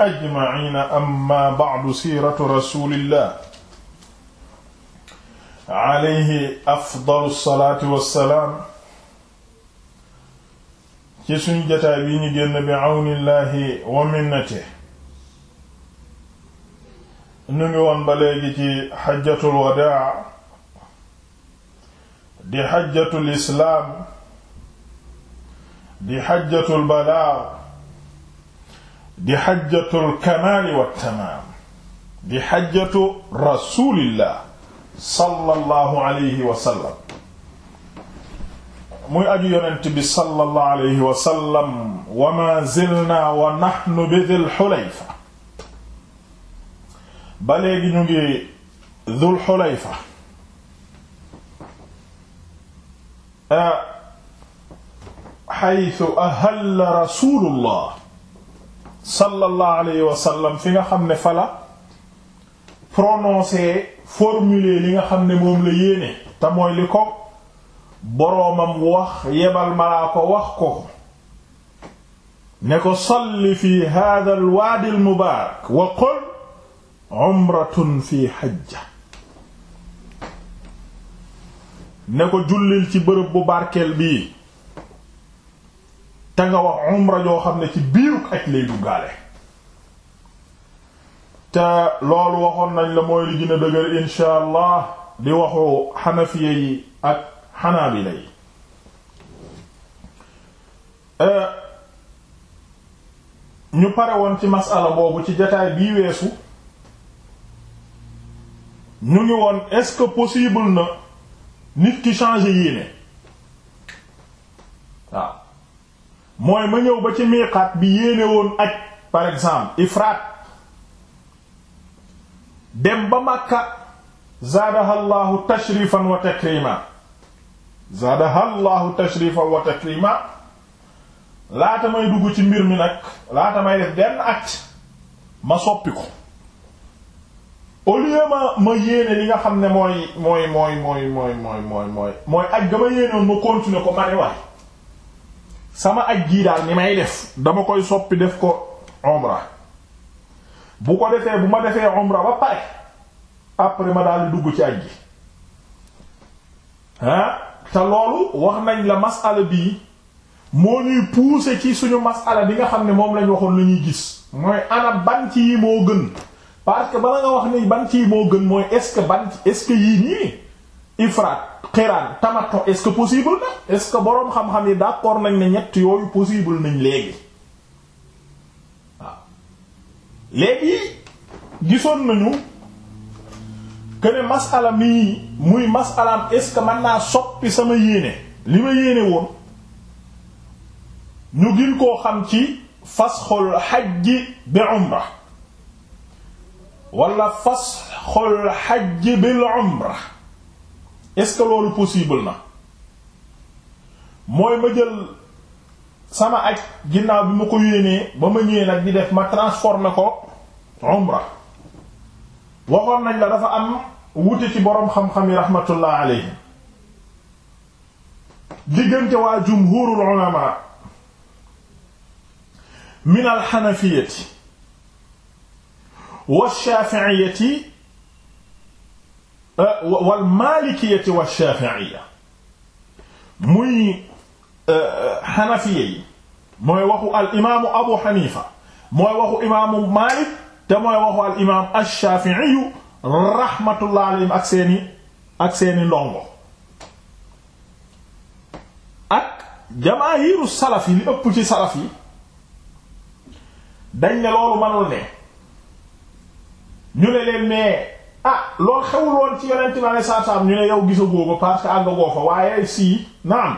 ajmaina amma ba'du siiratu rasulillah alayhi afdalu salaatu wassalaam ci suñu jotaay bi ñu génn bi awnillahi wa minnatihi ñu ngi woon ba léegi ci xajjatul wadaa di xajjatul islaam di xajjatul balaa di xajjatul kamaali wa tamaam di xajjatu rasulillah sallallahu alayhi wa sallam muy aju yonent bi sallallahu alayhi wa sallam wa ma zilna wa nahnu bi dhil xulayfa ba léegi ñu ngi dhul xulayfa xaytu ah, ahalla rasulullah sallallahu alayhi wa sallam fi nga xam ne fala prononcé formulé li nga xam ne moom la yéene te li ko boroomam wax yebal malaa ko wax ko ne ko salli fi hadha al waadi wa qul umratun fi hajja ne ko jullil ci bërëb bu barkeel bii te wax umra joo xam ne ci biiruk aj lay duggaale te loolu waxoon nañ la mooy li gën a dëgër insha di waxu xanafiya yi ak xanaabila yi eh, ñu pare woon ci masala boobu ci jataay bii weesu ñu ngi woon est-ce que possible na nit ki changer yéene waaw mooy ma ñëw ba ci miiqaat bi yéene woon aj par exemple ifraat dem ba Makka zaadaha llahu tashrifan wa takrima zaadaha llahu tashrifan wa laata may dugg ci mbir mi nag laata may def benn at ma soppi ko au lieu ma ma yéene li nga xam ne mooy mooy mooy mooy mooy mooy mooy mooy aj ga ma yéene woon ma continuer ko ma ne sama aj jii daal ni may def dama koy soppi def ko umra bu ko defee bu ma defee umra ba pare après ma daal di dugg ci aj ji ah te loolu wax nañ la masala bii moo ñuy pousser ci suñu masala bi nga xam ne moom lañ waxoon lu ñuy gis mooy ana ban ci yi moo gën parce que bala nga wax ni ban ci yi moo gën mooy est-ce que yii nii ifraat xiraan tamatto est que possible na est que boroom xam-xam yi d'accord nañ ne ñett yooyu possible nañ léegi léegi gisoon nañu que ne masala mii muy masalaam est-ce que man naa soppi sama yéene li ma yéene woon ñu gën koo xam ci fasxul xajji bi umra wala fasxul xajji bil umra est-ce que loolu possible na mooy ma jël sama ak ginnaaw bi ma ko yéenee ba ma ñëwee di def ma transformer ko umra waxoon nañ dafa am wute ci boroom xam-xam yi rahmatullah diggante waa jumhurul ulama min al xanafiyyati wa Euh, wal maalikiyati wa shaafi'iyya muy xanafiya euh, mooy waxu al Abu Hanifa mooy waxu imaamu Maalik te mooy waxu al imaam ash-Shaafi'i rahmatullah alayhim ndongo ak jamaahiru salaf li ëpp ci salaf dañ ne loolu manul ñu ne leen mais ah loolu xewul woon ci yonent bi alayhi salaatu salaam ñu ne yow gisagoo ko parce que àggagoo fa waaye sii naam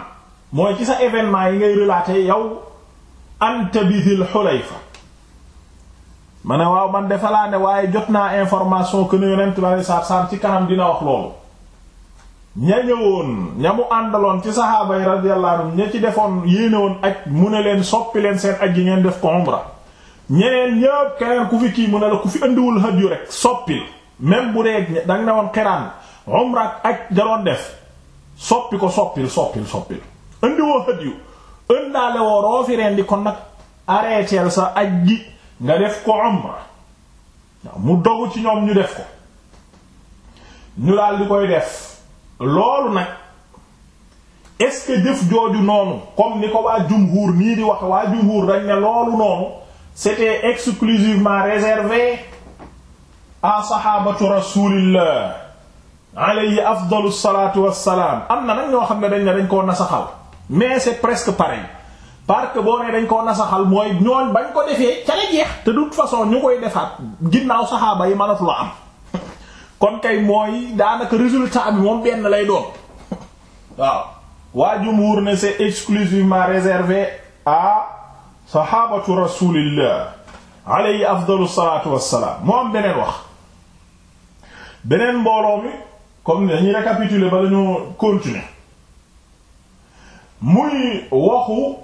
mooy ci sa événement yi ngay relater yow anta bi Dul Xulayfa ma ne waaw man defa laa ne waaye jot naa information que ne yonent bi alayhi salaatu ci kanam dina wax loolu ña ñëwoon ña mu àndaloon ci saxaaba yi radiyallahu ña ci defoon yéene woon ak mu ne leen soppi leen seen aj yi ngeen def ko umra ñeneen ñëpp keneen ku fi kii mu ne la ku fi indiwul soppil même bu dee danga ne woon xeraan umra ak jaroon def soppi ko soppil soppil soppil indi woo xët yu ëndaale woo roo fi rendi kon nag arrêteel sa aj gi nga def ko umra mu dogu ci ñoom ñu def ko ñu daal di koy def loolu nag est-ce jooju noonu comme ni ko waa jumhuur nii di wax waa jumhuur dañ ne loolu noonu c'était exclusivement réservé a saxaabatu rasulillah alayhi afdalu salaatu wassalaam am na nag ñoo xam ne dañ ne dañ koo nasaxal mais c'est presque pareil parce que boo nee dañ koo nasaxal mooy ñooñ bañ ko defee ca jeex te de façon ñu koy defaat ginnaaw saxaaba yi mënatu la am kon kay mooy daanaka résultat bi moom benn lay doon waaw waa jumhur ne c'est exclusivement réservé à saxaabatu rasulillah alayhi afdalu salaatu wassalaam moo beneen wax beneen mbooloo mi comme dañuy récapituler ba lañu continuer muy waxu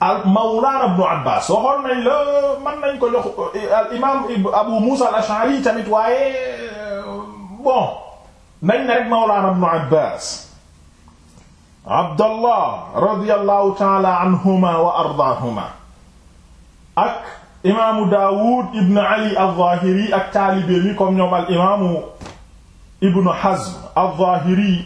al mawlana ibnu abbas waxoon nañ la mën al imam abu musa al ash'ari tamit waaye euh, bon nañ rek mawlana ibnu abbas abdallah radiyallahu taala anhuma wa ardaahuma ak imaamu daawud ibn ali al zahiri ak taalibe al imaamu ibnu Hazm al-Zahiri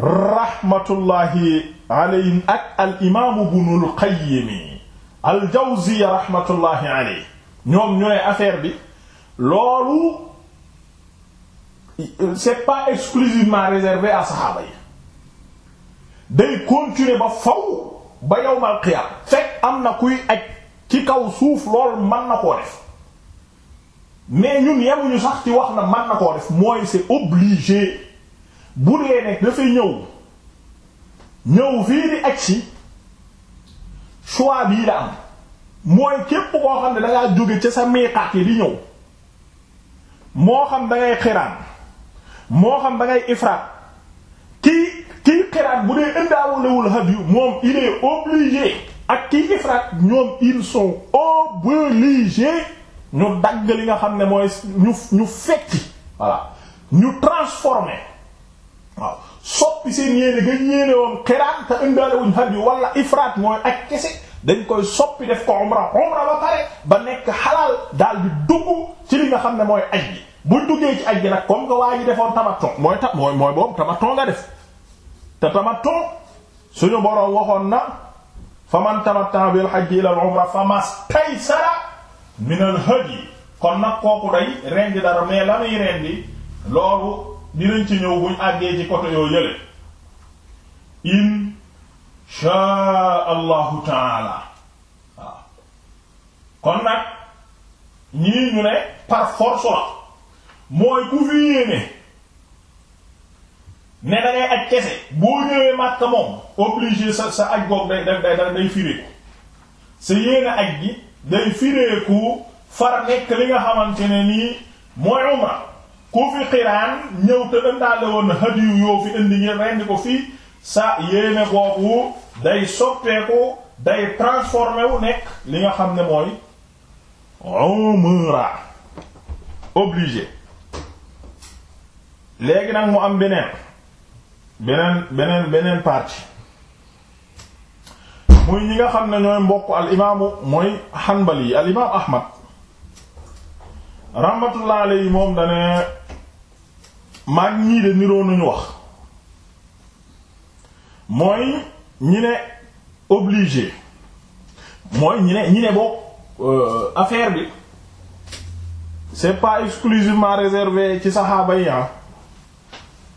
rahmatullahi alayhi ak al imaamu ibnul Qayyim al-Jawziyya rahmatullahi alayhi ñoom ñu ne affaire bi loolu c'est pas exclusivement réservé à saxaaba yi day continuer ba faw ba yawmal qiyaama fekk am na kuy aj ci kaw suuf loolu mën na koo def mais ñun yemuñu sax ci wax na man na koo def mooy c'est obligé bu dee ne dafay ñëw ñëw fii di si choix bii la am mooy képp koo xam ne dangaa jóge ca sa miqaat yi di ñëw moo xam dangay ngay xiraan moo xam dangay ngay ifraat kii kii xiraan bu dee indaawalewul hadiyu moom il est obligé ak kii ifraat ñoom ils sont obligés ñu dagg li nga xam ne mooy ñu ñu fekki voilà ñu transformé waaw soppi seen yéene nga yéene woon xiraan te indaale wuñ haj wala ifraat mooy ak kese dañ koy soppi def ko umra umra ba pare ba nekk xalaal daal di dugg ci li nga xam ne mooy aj gi bu duggee ci aj gi nag comme nga waa defoon tamaton mooy ta mooy mooy boobu tamaton nga def te tamaton suñu boroom waxoon na faman tamatta bil hajji ila al umra famas taysara minal hadi kon nag kooku day rendi dara mais la muy rendi loolu dinañ ci ñëw buñ àggee ci côté yoo yële inshaa allahu taala waaw kon nag ñii ñu ne par force la mooy ku fi yéene ne da aj kese boo ñëwee Makka moom obligé sa sa aj goog day day day day firé ko sa yéene aj gi day fireeku far nekk li nga xamante ne nii mooy umra ku fi xiraan ñëw te ëndaale woon hadiyu yoo fi indi ngir rendi ko fii sa yéene boobu day soppeeku day transformé wu nekk li nga xam ne mooy umra obligé léegi nag mu am beneen beneen beneen beneen partie muy ñi nga xam ne ñooy mbokk al imaamu mooy xanbali al imaam ahmad rahmatullah alayhi moom dane maag ñii de niroo nañu wax mooy ñi ne obligé mooy ñi ne ñi ne bokk euh, affaire bi c'est pas exclusivement réservé ci saxaaba yi ah,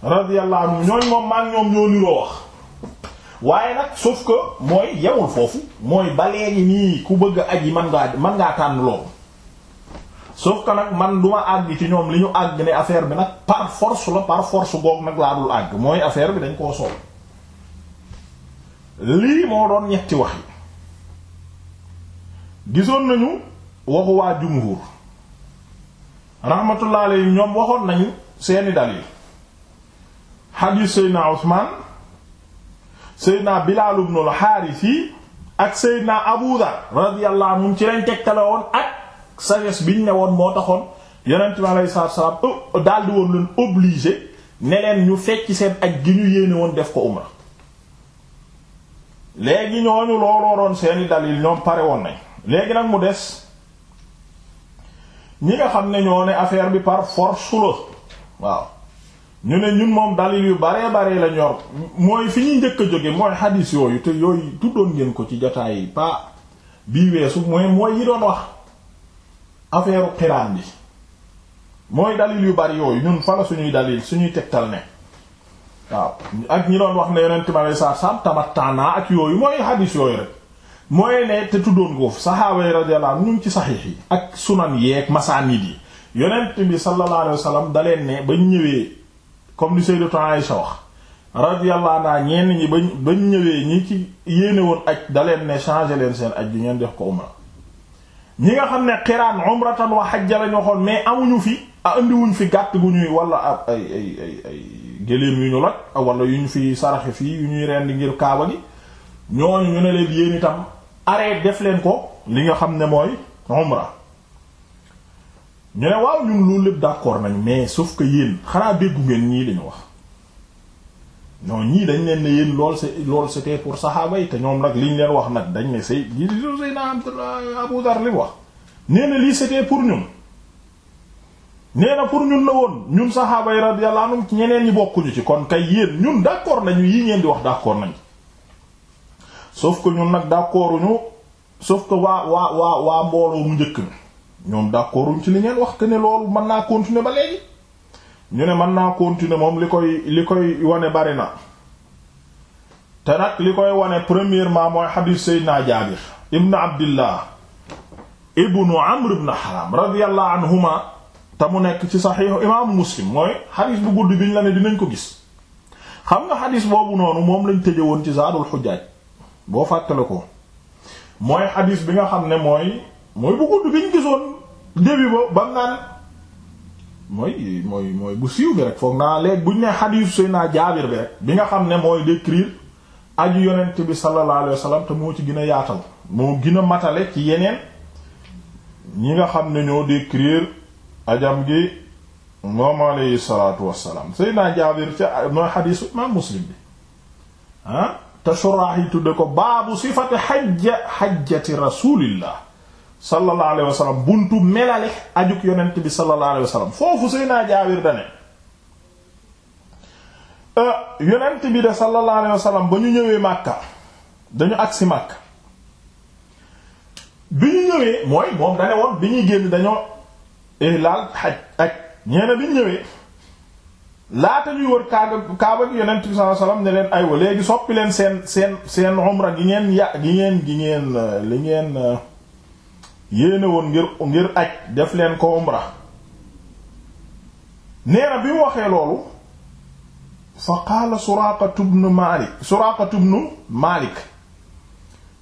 radiyallahu anhu ñooñ moom maag ñoom ñoo niroo wax waaye nag sauf que mooy yemul foofu mooy ba léegi nii ku bëgg a yi man ngaa man ngaa tànn loolu sauf que nag man du ma àgg ci ñoom li ñu àgg ne affaire bi nag par force la par force goog nag laa dul àgg mooy affaire bi dañ koo sol lii moo doon ñetti wax yi gisoon nañu waxu waa jumhur rahmatullah alayhi ñoom waxoon nañu seeni dalil hadith sayna Usman Seydina Bilaal ibn al-Haaris yi ak Seydina Abu Dhar radiyallahu anhu ci lañ tegtale woon ak sagesse biñ ne woon moo taxoon Yonent bi alayhi salaam euh, euh, daldi woon leen obligé ne leen ñu fecc seen ak gi ñu yéene woon def ko umra léegi ñooñu looloo doon seeni dalil ñoom pare woon nañ léegi nag mu des ñi nga xam ne ñoo ne affaire bi par force la waaw. ñu ne ñun moom dalil yu baree baree la ñor mooy fi ñuy njëkk a jóge mooy xadis yooyu te yooyu tuddoon ngeen ko ci jotaay yi pa bii weesu mooy mooy yi doon wax affaire xiraan bi mooy dalil yu bari yooyu ñun fa la suñuy dalil suñuy tegtal ne waaw ak ñi doon wax ne yonent ma lay sa sam tamattaana ak yooyu mooy xadis yooyu rek mooy ne te tuddoon goofu saxaaba yi radiyallahu ci saxiix yi ak sunan yeeg masaanid yi yonent bi sallallahu alayhi wasallam daleen ne ñëwee comme lu li Sayyidatu Aïsha wax radiyallahu anha ñenn ñi bañ bañ ñëwee ñi ci yéene woon aj daleen ne changé leen seen aj ji ngeen def ko umra ñi nga xam ne xiraan umratan wa hajja lañu waxoon mais amuñu fi a indiwuñ fi gàtt gu ñuy wala ab ay ay ay ay géléem yu ñu loj wala yu ñu fi saraxe fii yu ñuy rendi ngir kaaba gi ñooñu ñu ne leen yéen itam arrêt def leen ko li nga xam ne mooy umra ñu ne waaw ñun loolu lépp d'accord nañ mais sauf que yéen xanaa déggu ngeen ñii dañu wax non ñii dañ leen ne yéen lool c'est lool c'était pour saxaaba yi te ñoom nag liñ leen wax nag dañ ne say li say na Abu Dar li wax nee na lii c'était pour ñun nee na pour ñun la woon ñun saxaaba yi radiyallahu ci ñeneen yi bokkuñu ci kon kay yéen ñun d'accord nañu yi ngeen di wax d'accord nañ sauf ko ñun nag d'accorduñu sauf que waa waa waa waa mbooloo mu njëkk ñoom d'accorduñ ci li ngeen wax que ne loolu mën naa continuer ba léegi ñu ne mën naa continuer moom li koy li koy wane bari na te nag li koy wane premièrement mooy xadiis Seydina Jaabir ibnu Abdillah ibnu Amr ibn Haram radiyallahu anhuma te mu nekk ci saxiixu imaamu Muslim mooy xadiis bu gudd biñ la ne dinañ ko gis xam nga xadiis boobu noonu moom lañu tëje woon ci Zaadul Xujjaaj boo fàttale ko mooy xadiis bi nga xam ne mooy mooy bu gudd bi ñu gisoon début ba bam mooy mooy bu siiw bi rek foog naa léegi buñ ne xadiis Seydina Jaabir bi rek bi nga xam ne mooy décrire aju yonent bi sallallahu alayhi wasallam moo ci gën a yaatal moo gën matale ci yeneen ñi nga xam ne ñoo décrire ajam gi moom alayhi salaatu wassalaam Seydina Jaabir ca mooy xadiisu imaam Muslim bi ah, te suraax yi ko baabu sifati xajja xajjati rasulillah sallallahu alayhi wa buntu melale ajuk yonent bi sallallahu alayhi wa sallam foofu Seydina Jaabir dane euh, yonent bi de sallallahu alayhi ba ñu ñëwee Makka dañu agsi Makka bi ñu ñëwee mooy moom dane woon bi ñuy génn dañoo ihlaal xaj ak ñeena bi ñu ñëwee laata ñuy wër kaaba kaaba gi yonent bi sallallahu alayhi wasallam aywa léegi soppileen leen seen seen seen umra gi ngeen ya gi ngeen gi ngeen li ngeen euh, yéene woon ngir ngir aj def leen ko umra nee na bi mu waxee loolu fa qaala Suraaqatu bnu Maalik Suraaqatu bnu Maalik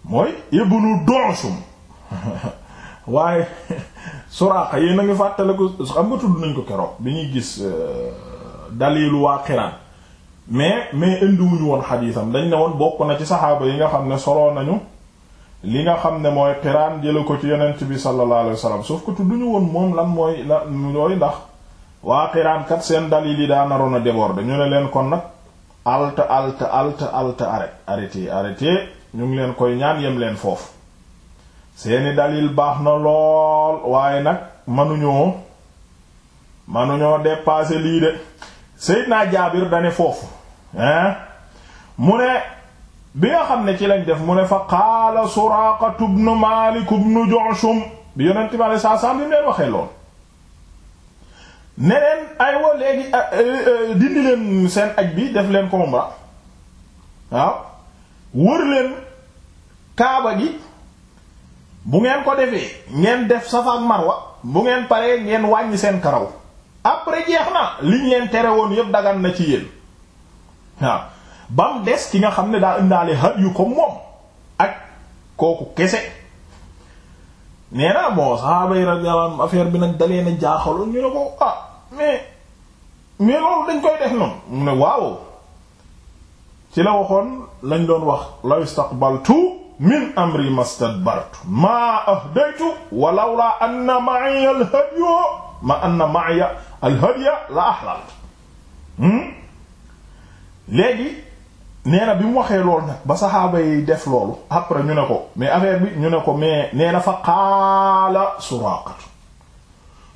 mooy ibnu Du'shum waaye Suraaqa yéen a ngi fàttaliku xam nga tudd nañ ko keroog bi ñuy gis euh, dalilu waa Qiraan mais mais indiwuñu woon xadiisam dañ ne woon bokk na ci saxaaba yi nga xam ne solo nañu li nga xam ne mooy qiraan jëla ko ci yonent bi sallallahu alayhi wasallam sauf que ñu woon moom lan mooy la looy ndax waa qiraan kat seen dalil yi daa naroon a déborder ñu ne leen kon nag alt alt alt alt arrêt arrêté arrêté ñu ngi leen koy ñaan yem leen foofu seeni dalil baax na lool waaye nag manuñoo manuñoo paase lii de naa Jaabir dane foofu hein mu ne bi nga xam ne ci lañ def mu ne fa qaala Suraaqa ibnu Maalik ibnu Ju'shum bi yonent bi alayhi salaam bi leen waxee lool ne leen aywa léegi euh, euh, dindi leen seen aj bi def leen ko umra waaw wër leen kaaba gi bu ngeen ko defee ngeen def Safa ak Marwa bu ngeen paree ngeen wàññi seen karaw après jeex na liñ leen tere woon yépp dagan na ci yéen waaw ba mu des ki nga xam ne daa indaale hal yu ko ak kooku kese nee naa moo saxaaba yi radiyallahu anhum bi nag dalee na jaaxaloon ñu ne ko ah mais mais loolu dañ koy def noonu mu ci la waxoon lañ doon wax law istaqbaltu min amri mastadbartu maa ahdaytu walawla anna ma'iya al-hadyu ma anna ma'iya al-hadya la ahlaltu hmm? léegi neena bi mu waxee loolu nag ba saxaaba yi def loolu après ñu ne ko mais affaire bi ñu ne ko mais nee na fa qaala Suraaqatu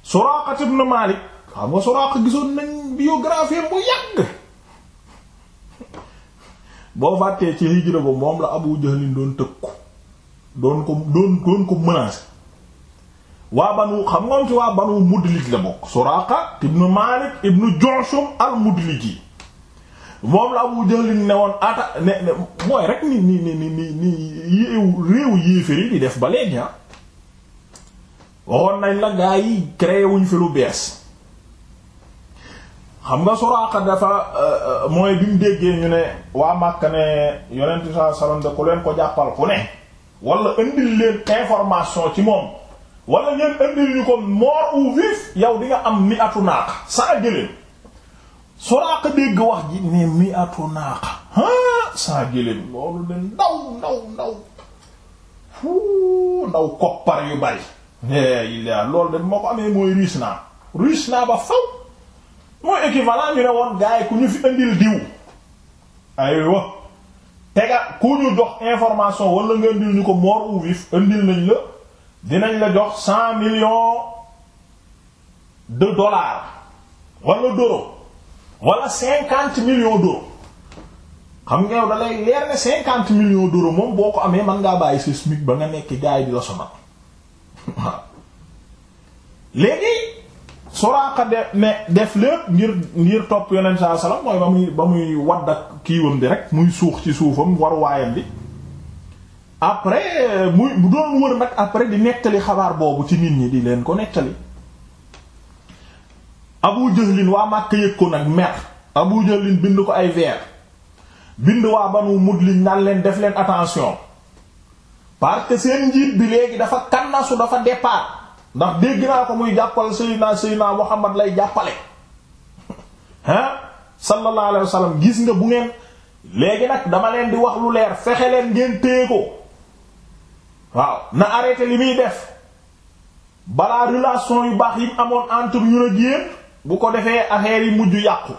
Suraaqatu ibn Maalik xam nga Suraaqa gisoon nañ biographie bu yàgg boo fàttee ci hijra ba moom la Abu Jahlin doon tëkku doon ko doon ko menacer waa banu xam nga ci waa banu Mudlij la bokk Suraaqa ibn Maalik ibn Ju'shum al-Mudliji moom la Abu Jahl ne woon ata ne mooy rek ni ni ni ni ni réewu yéeféri di def ba léegi ah waxoon nañ la gaa yi créé wuñ fi lu bees xam nga Suraaqa dafa euh, euh, mooy bi mu déggee ñu ne waa Makka ne yonent bi sallallahu alayhi de ku leen ko jàppal ku ne wala indil leen information ci moom wala ngeen indil ñu ko mort ou vif yow di nga am mi atu naaq sa jëleen Suraaqa dégg wax ji ne mi atu naaqa ah saa gëléem loolu de ndaw ndaw ndaw fuu ndaw koppar yu bari illa loolu de moo ko amee mooy riis naa riis naa ba faw mooy équivalent ñu ne woon gaay ku ñu fi indil diw aywa tega ku ñu jox information wala nga indil ñu ko mort ou vif indil nañ la dinañ la jox cent millions de dollars wala d'euros wala cinquante millions d'euros xam nga yow da lay leer ne cinquante millions d'euros moom boo ko amee man ngaa bàyyi sa SMIC ba nga nekk gaay di la sonal léegi Suraaqa de ne def lépp ngir ngir topp yonent saa salaam mooy ba muy ba muy wadd ak kiiwam bi rek muy suux ci suufam war waayam bi après muy bu doon wër nag après di nekkali xabaar boobu ci nit ñi di leen ko nettali. abu jahlin waa màkk yëg ko nag mer abu jahlin bind ko ay veer bind waa banu mudlin naan leen def leen attention parce que seen njiit bi léegi dafa kannasu dafa départ ndax dégg naa ko muy jàppal sayyidina sayyidina muhammad lay jàppale ah sallallahu alayhi gis nga bu ngeen léegi nag dama leen di wax lu leer fexe leen ngeen ko waaw na arrêté li muy def balaa relation yu baax yi mu amoon entre ñu ak yéen bu ko defee affaire yi mujj yàqu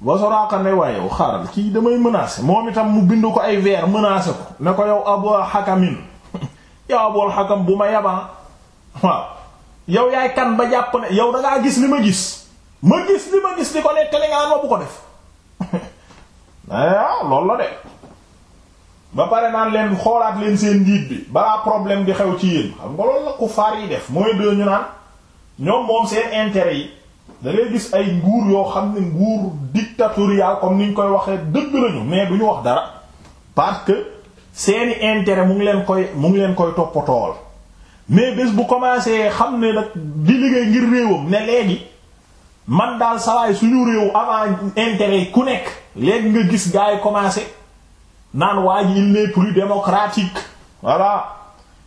ba Suraaqa ne waaye yow xaaral kii damay menacer moom itam mu bind ko ay vers menacer ko ne ko yow Abu Hakamin yow Abul Hakam bu ma yabaa waaw yow yaay kan ba jàpp ne yow da gis li ma gis ma gis li ma gis di ko ne tele nga ma bu ko def eh, ah loolu la de ba pare naan leen xoolaat leen seen njiit bi balaa problème di xew ci yéen xam nga loolu la ku faar yi def mooy doo ñu naan. ñoom moom seen intérêt yi da ngay gis ay nguur yoo xam ne nguur dictatorial comme ni ñu koy waxee dëgg nañu mais du ñu wax dara parce que seeni intérêt mu ngi leen koy mu ngi leen koy toppatool mais bés bu commencé xam ne nag di liggéey ngir réewam ne léegi man daal sawaay suñu réew avant intérêt yi ku nekk léegi nga gis gars yi commencé naan waa ji il n'est plus démocratique voilà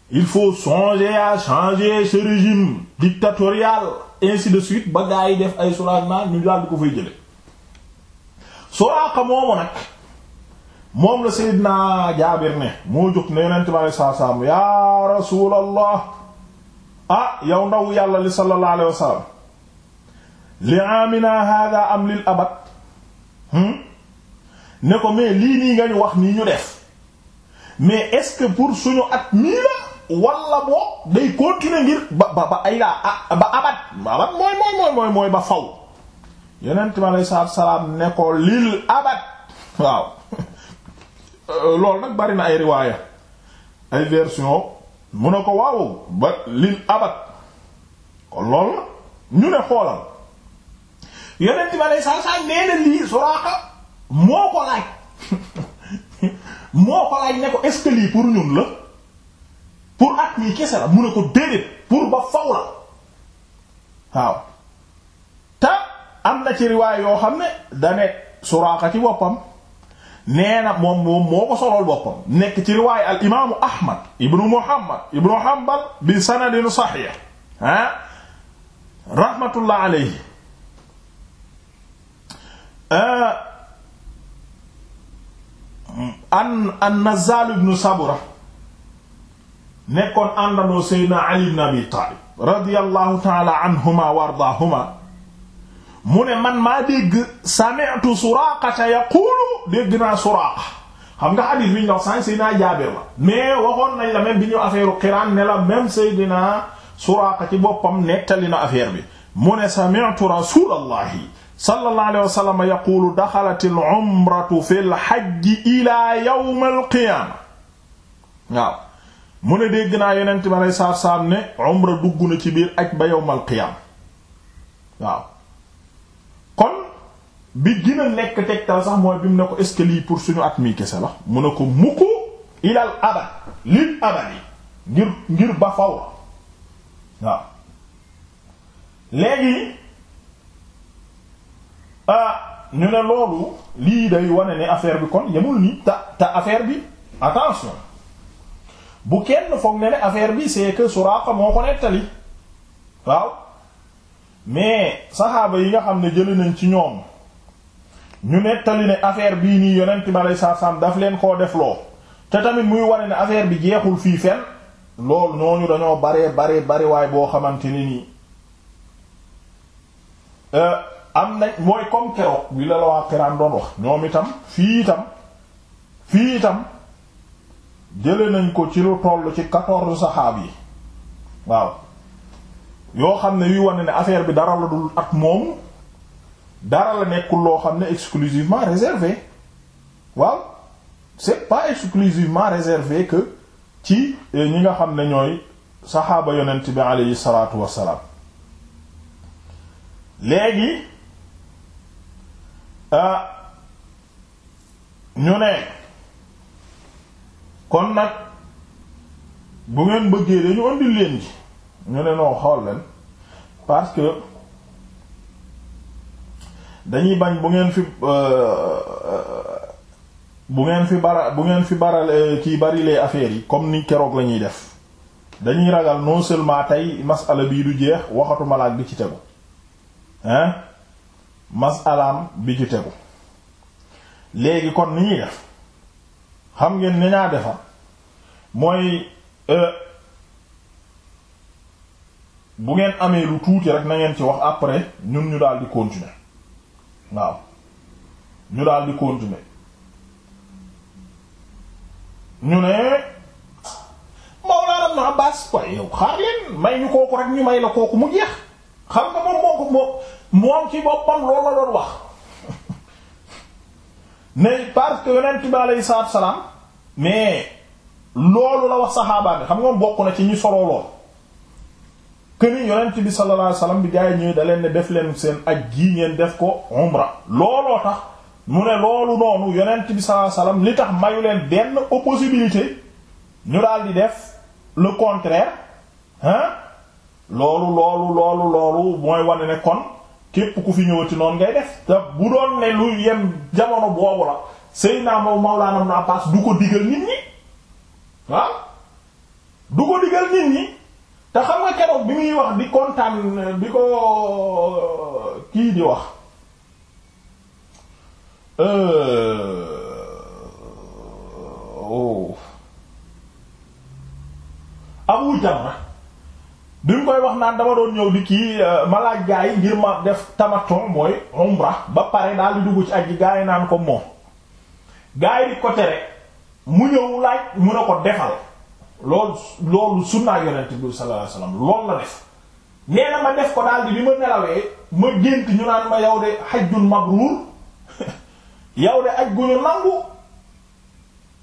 il faut songer à changer ce régime dictatorial ainsi de suite ba gaa yi def ay soulagement ñu daal di ko fay jële Suraaqa moomu nag moom la Seydina Jaabir ne moo jóg ne yonent bi alei saatu salaam ya rasulallah ah yow ndaw yàlla li sallallahu alayhi wa sallam li amina hada am lil abad hmm? ne ko mais lii nii nga ñu wax nii ñu def mais est-ce que pour at mii la walla boo day continuer ngir ba ba ba ay laa ba abat abat mooy mooy mooy mooy ba faw yonent mi aleyhi salaam ne ko lil abat waaw euh, loolu nag bari na ay riwaaya ay version mun na ko waaw ba lil abat kon loolu la ñu ne xoolal yonent mi aleyhi salaatu salaam nee na lii Suraaqa moo ko laaj moo ko laaj ne ko est pour ñun la pour at mii kese la mu ne ko déedéet pour ba faw am na ci riwaay yoo xam ne dane Suraaqa ci boppam nee na moom nekk ci riwaay al imaamu Ahmad ibnu Muhammad ibnu Hanbal bi sanadin saxiix ah rahmatullah alayhi an an Nazzal ibnu nekkoon àndandoo seydna ali ibn abi taalib radiyallahu taala anhuma wa ardaahuma mu ne man maa dégg sami'tu suraaqata yaquulu dégg naa suraaqa xam nga xadiis bi ñu wax sànq seydna jaabir la mais waxoon nañ la même bi ñu affaire qiraan ne la même seydna suraaqa ci boppam nettali na affaire bi mu ne sami'tu rasuulallahi sallallahu alayhi wa sallam yaquulu daxalatil umratu fil hajji ilaa yawmil qiyaama waaw mu ne dégg naa yonent bi aleyhi salaatu salaam ne umra dugg na ci biir ak ba yowmal qiyaam waaw kon bi gën a nekk tegtal sax mooy bi mu ne ko est lii pour suñu at mi kese la mu ne ko mukk ilal abad lil abadi ngir ngir ba waaw léegi ah ne loolu lii day wane ne affaire bi kon yemul nii ta ta bi attention bu kenn foog ne ne affaire bi c'est que Suraaqa moo ko nettali waaw mais saxaaba yi nga xam ne jëli nañ ci ñoom ñu nettali ne affaire bii nii yonent ma lay sarsam daf leen koo def loo te tamit muy wane ne affaire bi jeexul fii fenn loolu ñooñu dañoo bare baree bari waay boo xamante ne nii euh, am nañ mooy comme keroog bi la la waa Qiraan doon wax ñoom itam fii itam fii itam jële nañ ko ci lu toll ci quatorze saxaab yi waaw yoo xam ne yuy wane ne affaire bi dara la dul ak moom dara la nekkul loo xam ne exclusivement réservé waaw c'est pas exclusivement réservé que ci eh, ñi nga xam ne ñooy saxaaba yonent bi aleyhi salaatu wassalaam léegi ah, ñu ne kon nag bu ngeen bëggee dañu ëndil leen ji ñu ne noo xool leen parce que dañuy bañ bu ngeen fi euh, euh, bu ngeen fi bara bu ngeen fi baral kii barilee affaires yi comme ni keroog la ñuy def dañuy ragal non seulement tey masala bii du jeex waxatu malaat bi ci tegu hein masalaam bi ci tegu léegi kon ni ñuy def xam ngeen ni ñaa defa mooy euh, bu ngeen amee lu tuuti rek na ngeen ci wax après ñun ñu daal di continuer waaw ñu daal di continuer ñu ne Mawlana Ibn Abbas waaye yow xaar leen may ñu ñu may la mu xam nga moom moo ko moom moom ci boppam loolu la doon wax mais parce que yonent bi aleyhi salaatu salaam mais loolu la wax saxaabaan xam nga bokk na ci ñu solo lool que ni yonent bi sallallahu alayhi bi gaa yi ñëwee da leen def leen seen aj gii ngeen def ko umra looloo tax mu ne loolu noonu yonent bi sallallahu alayhi wasallam li tax mayu leen benn possibilité ñu daal di def le contraire hein loolu loolu loolu loolu mooy wane ne kon. képp ku fi ñëwati noonu ngay def te bu doon ne lu yem jamono boobu la sëy naa moom Mawlaana Ibn Abbaas du ko digal nit ñi waaw du ko digal nit ñi te xam nga keroog bi muy wax di kontaan bi ko kii di wax euh, oh. Abu Jamra bi mu koy wax naan dama doon ñëw di kii euh, ma laaj gaa yi ngir ma def tamaton mooy umra ba pare daal di dugg ci ak gaa yi naan ko moom gaa yi di ko tere mu ñëw laaj mu ne ko defal loolu loolu sunnaa yonent bi sallallahu alayhi wasallam loolu def nee ma def ko daal di bi ma nelawee ma gént ñu naan ma yow de hajjun mabruur yow de aj gu nangu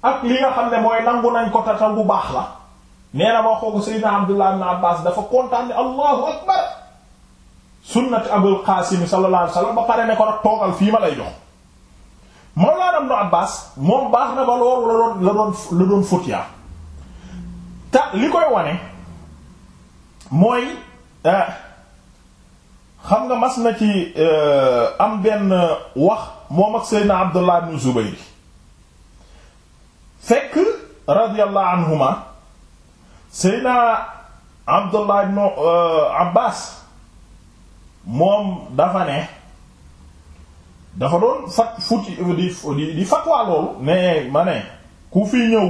ak li nga xam ne mooy nangu nañ ko tatal bu baax la nee na ma xoogu Seydina Abdullah ibn Abbas dafa kontaan ne allahu akbar sunnat Abul Qasim sallallahu alayhi wasallam ba pare ne ko nag toogal fii ma lay jox Mawlana Ibn Abbas moom baax na ba loolu la doon la doon la doon li koy wane mooy eh, xam nga mas na ci eh, am benn wax moom ak Seydina Abdullah ibn Zubayr fekk radiyallahu anhuma Seydina Abdullah ibn uh, Abbas moom dafa ne dafa doon fat futi di di fatwaa loolu ne ma ne ku fi ñëw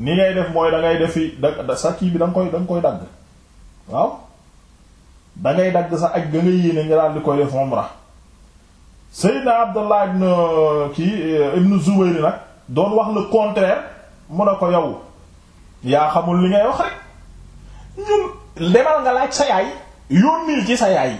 ni ngay def mooy da ngay defi da sa kii bi da koy da koy dagg waaw da ngay dagg sa aj ga nga yéene nga daal di koy def umra Seydina Abdullah ibn uh, kii uh, ibn Zubayr nag doon wax le contraire mun a ko yow yaa xamul li ngay wax rek ñun demal nga laaj sa yaay yónnil ci sa yaay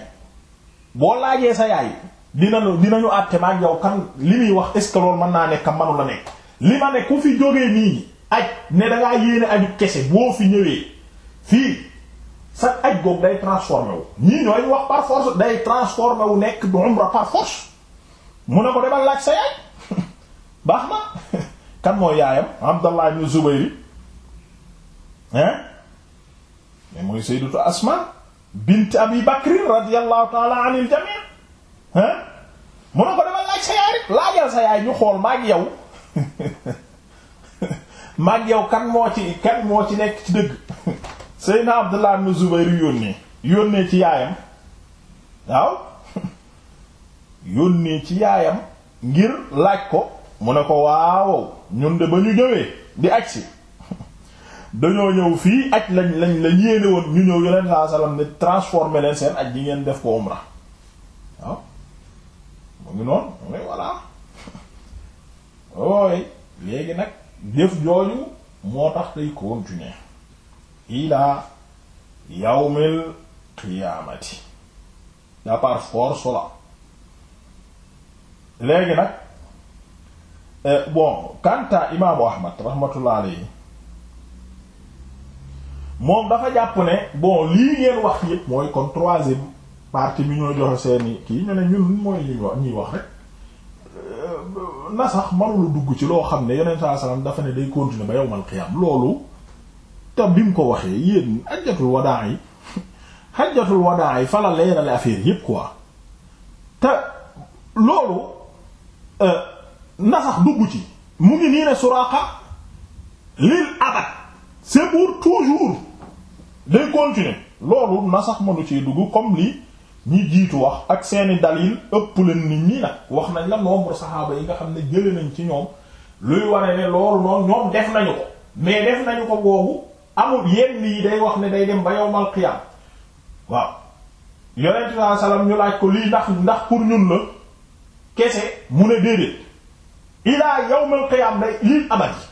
boo laajee sa yaay dina dinañu àtte ma yow kan li muy wax est ce mën naa nekk manu la nekk li ma ne ku fi jógee nii aj ne dangaa yéene aju kese boo fi ñëwee fii sa aj goog day transformé wu ñooy wax par force day transformé nekk du umra par force mu ko demal laaj sa yaay baax na kan mooy yaayam Abdallah ibn Zubayr hein mais mooy sayyidatu asma bint abi bakrin radiyallahu ta'ala anil jami' hein mu ne ko dama laaj sa yaay laajal sa yaay ñu xool maag yow maag yow kan moo ci kan moo ci nekk ci dëgg seydna abdullah ibn zubayr yónnee yónnee ci yaayam waaw yónnee ci yaayam ngir laaj ko mu ne ko waaw ñun de ba ñu ñëwee di agsi dañoo ñëw fii ak lañ lañ lañ yéene woon ñu ñëw yonent saa sallam ne transformé leen seen aj yi ngeen def ko umra waaw mu ngi noonu mu ne voilà ooy léegi nag def jooju moo tax day continuer ila yawmil qiyaamati da force la léegi nag euh, bon kanta imaamu ahmad rahmatullah alayhi moom dafa jàpp ne bon lii ngeen wax yépp mooy kon troisième partie bi ñoo joxe seeni kii ñu ne ñun mooy li ñuy wax rek euh, na sax manula dugg ci loo xam ne yeneen saa salaam dafa ne day continuer ba yawmal qiyaam loolu te bi ko waxee yéen hajjatul wadaa yi yi fa la leerale affaire yépp te loolu euh, na dugg ci mu ngi nii ne Suraaqa lil abad c'est pour toujours day continuer loolu na sax mënu ciy dugg comme li ñu jiitu wax ak seeni dalil ëpp leen nit ñi nag wax nañ la nombre saxaaba yi nga xam ne jële nañ ci ñoom luy wane ne loolu noonu ñoom def nañu ko mais def nañu ko boobu amul yenn yi day wax ne day dem ba yowmal qiyaam waaw yonent bi salaam ñu laaj ko lii ndax ndax pour ñun la kese mu ne déedéet ilaa yawmal qiyaam day lii abadi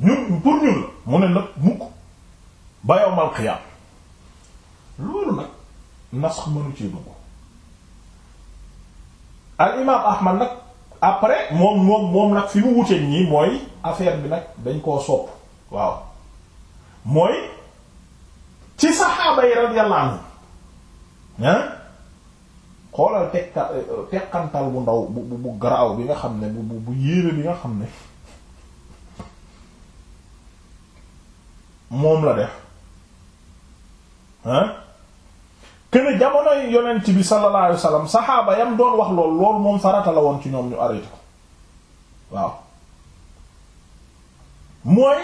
ñun pour ñun la mu ne nag mukk ba yawmal qiyaam loolu nag nasx manu ci dugg al imaam ahmad nag après moom moom moom nag fi mu wuteeg ñi mooy affaire bi nag dañ koo sopp waaw mooy ci saxaaba yi radiyallahu anhu xoolal tegta teqantal bu ndaw bu bu garaaw bi nga xam ne bu bu yéere bi nga xam ne moom la def hein këne jamonoy yonent bi sallallahu alayhi wasallam saxaaba yam doon wax lool loolu moom farata la woon ci ñoom ñu arrêté ko waaw mooy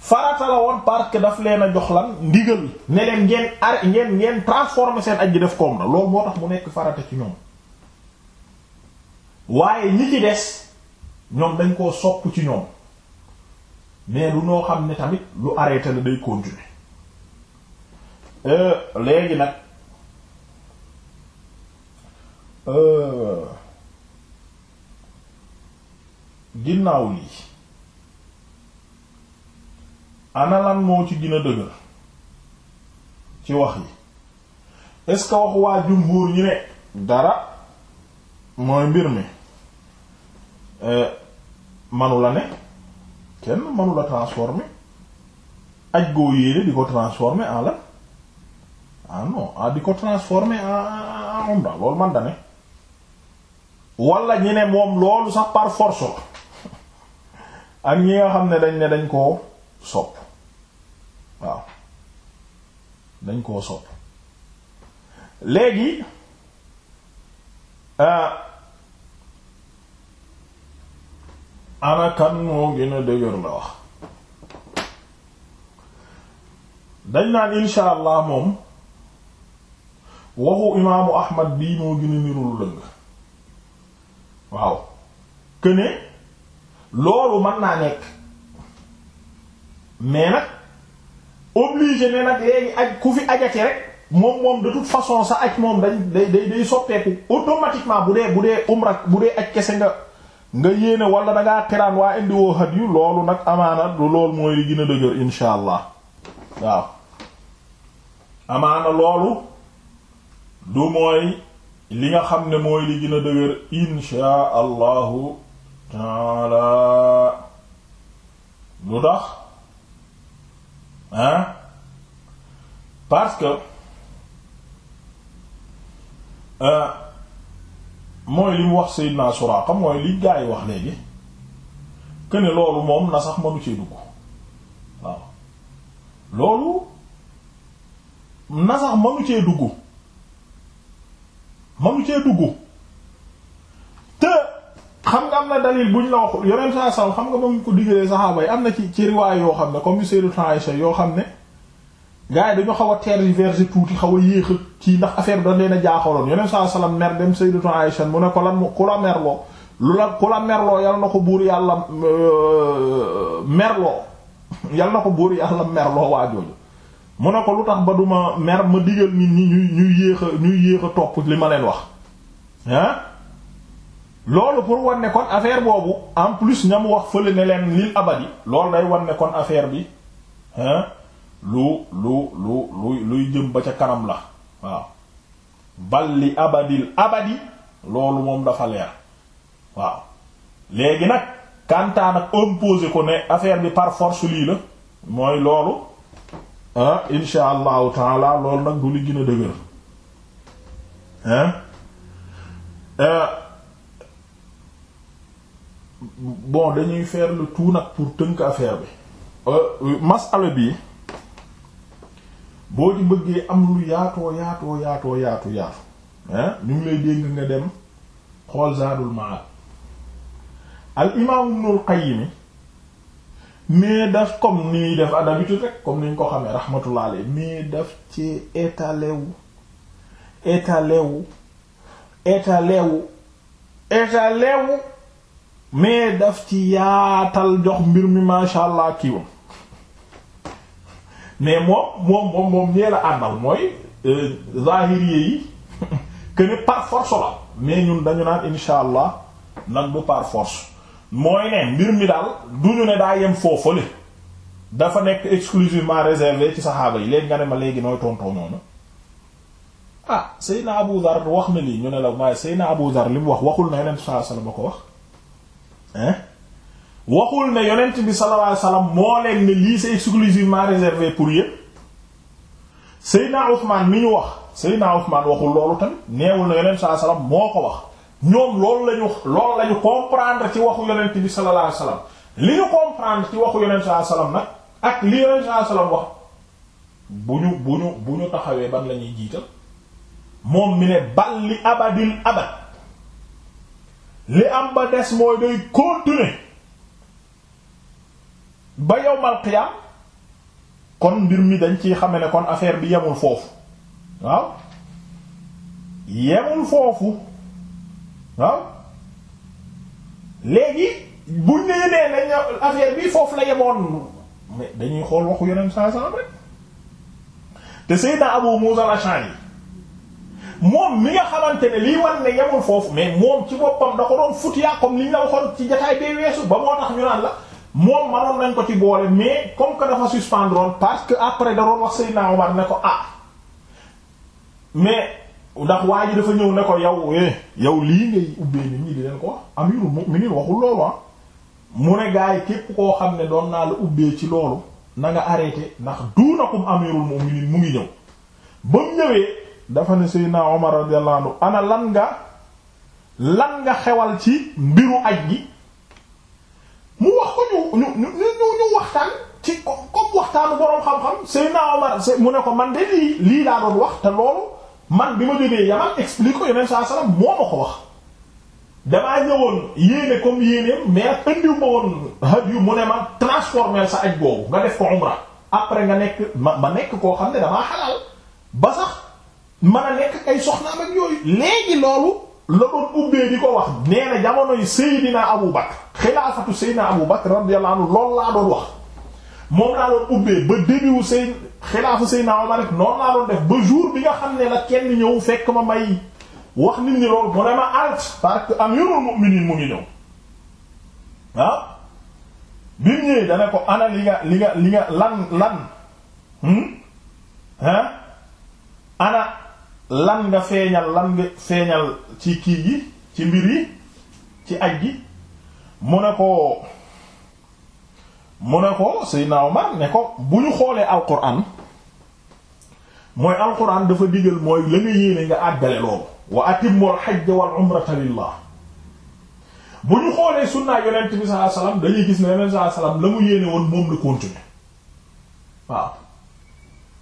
farata la woon parce daf leen a jox lan ndigal ne leen ngeen ar ngeen ngeen transformer seen aj ji def koom na loolu moo tax mu nekk farata ci ñoom waaye ñi ci des ñoom dañ koo sopp ci ñoom mais du noo xam ne tamit lu arrêté la day continuer euh, léegi nag Euh. ginnaaw lii ana moo ci gën dëgër ci wax yi est wax waa jumhur ñi ne dara mooy mbir mi euh, manula ne kenn manula transformer aj goo yéene di ko transformer en lan ah non ah di ko transformer en umra loolu man da wala ñi ne moom loolu sax par force ak ñi nga xam ne dañ ne dañ koo sopp waaw dañ koo sopp léegi euh, anakan moo gën a dëgër la wax dañ naan insha moom waxu imaamu ahmad bii moo gën a niru dëng waaw que ne loolu man naa nekk mais nag obligé ne nag léegi aj ku fi ajati rek moom moom de toute façon sa aj moom dañ day day day soppeeku automatiquement bu dee bu dee umra bu dee aj kese nga nga yéene wala da ngaa teraan waa indi woo xat yu loolu nag amaana loolu mooy gën a dëgër insha allah waaw amaana loolu du mooy li nga xam ne mooy li gën a dëgër inshaa allahu taala lu tax hein parce que euh, mooy li mu wax Seydina Suraaqa mooy li gaa yi wax léegi que ne loolu moom na sax mënu cee dugg waaw loolu na sax mënu cee dugg manu cee dugg te xam nga am na dalil buñ la wax yoneen saa saw xam nga moom ko diggalee saxaaba yi am na ci ci riwaay yoo xam ne comme ni yoo xam ne gars yi dañu xaw a tergiverser tuuti xaw a yéex ci ndax affaire bi dañ leen a jaaxaloon yoneen saa salaam mer dem Sayyidatu Aisha mu ne ko lan ku la merloo lu la ku la merloo yal na ko buur yàlla euh, merloo yal na ko buur yàlla merloo waa jooju mu ne ko lu tax ba duma mer ma digal nit ñi ñuy ñuy yéex a ñuy yéex a topp li ma leen wax ah loolu pour wan kon affaire boobu en plus ñam wax fële ne leen lil abadi loolu day wanne ne kon affaire bi ah lu lu lu lu luy jëm ba ca kanam la waaw bal li abadil abadi loolu moom dafa leer waaw léegi nag kantaan ak imposer ko ne affaire bi par force lii la mooy loolu ah insha allahu taala loolu nag du li gën a dëgër hein eh, bon dañuy faire le tout nag pour tënk affaire bi euh, masala bi boo di bëggee am lu yaatoo yaatoo yaatoo yaatu yaatu hein ñu ngi lay dénk nga dem xool Zaadul Ma'aad al imaamu Ibnul Qayyim mais daf comme ni def d'habitude rek comme ni ñu ko xamee rahmatullah alayhi mais daf ci étalé wu étalé wu étalé wu ci yaatal jox mbir mi masha allah kiiwam mais moom moom moom ñee la àndal mooy euh, zahiriye yi que ne la mais ñun dañu naan insha allah nag bu par mooy ne mbir mi daal du ñu ne daa yem foofale dafa nekk exclusivement réservé ci saxaaba yi léegi nga ne ma léegi nooy tontoo ñooñu ah Seyna Abu wax na lii ñu ne la waaye Seyna Abu Dhar li mu wax waxul na yonent sallallahu alayhi wasallam ko wax hein ne yonent bi sallallahu alayhi wasallam moo leen ne lii c'est exclusivement réservé pour yéen Seyna Ousmane mi ñu wax Seyna Ousmane waxul loolu tamit neewul na yonent sallallahu alayhi moo ko wax ñoom loolu lañu loolu lañu comprendre ci waxu yonent bi sallallahu alayhi wasallam li ñu comprendre ci waxu yonent sallallahu alayhi wasallam nag ak li yonent sallallahu wax bu ñu bu ñu bu ñu taxawee ban la ñuy jiital moom mi ne bal li abadil abad li am ba des mooy day continuer ba yowmal qiyaam kon mbir mi dañ ci xame ne kon affaire bi yemul foofu waaw yemul foofu waaw léegi buñ nee nee nañ affaire bi foofu la yemoon mais dañuy xool waxu yeneen saa saa rek te Seydina Abu Musa al-Ash'ari moom mi nga xamante ne liy war ne yemul foofu mais moom ci boppam da ko doon futiyaa comme li ñu la waxoon ci jotaay bee weesu ba moo tax ñu naan la moom manoon nañ ko ci boole mais comme que dafa suspendroon parce que après da doon wax Seydina Omar ne ko ah mais. ndax waa ji dafa ñëw ne ko yow eh, yow lii ngay ubbee nit ñi di leen ko wax amirul mu'minin waxul loolu ah mu ne gars yi képp koo xam ne doon naa la ubbee ci loolu na nga arrêté ndax duunakum amirul mu'minin mu ngi ñëw ba mu ñëwee dafa ne Seydina Omar radiyallahu anhu ana lan nga lan nga xewal ci mbiru aj gi mu wax ko ñu ñu ñu ñu waxtaan ci comme waxtaanu boroom xam-xam Seydina Omar mu ne ko man de lii lii daa doon wax loolu man bi ma jógee yaman explique ko yeneen sa salaam moo ma ko wax damaa ñëwoon yéene comme yéeneem mais indiw ma woon haj yu mu ne ma transformer sa aj boobu nga def ko umra après nga nekk ma nekk koo xam ne damaa xalaal ba sax man a nekk ay soxnaam ak yooyu léegi loolu la doon ubbee di ko wax nee na jamonoy Seydina Abu Bakr xilaafatu Seydina Abu Bakr radiyallahu anhu loolu laa doon wax moom laa doon ubbee ba début wu seen xilaafu Seydina Omar rek noonu laa doon def ba jour bi nga xam ne la kenn ñëw fekk ma may wax nit ñi loolu mu ne ma alt parce que amirul mu'minin mu ngi ñëw waaw bi ñëwee dana ko ana li nga li nga li nga lan lan ah ana lan nga feeñal lan feeñal ci kii yi ci mbir yi ci aj gi mu ne ko mu ne ko Seydina Omar ne ko bu ñu xoolee alquran mooy alquran dafa digal mooy la nga yéene nga àggale loolu wa atimmul hajja wal umrata lillah bu ñu xoolee sunnaa yonent bi sallallahu alayhi wasallam dañuy gis ne yonent sallallahu alayhi wasallam la mu yéene woon moom la continuer waaw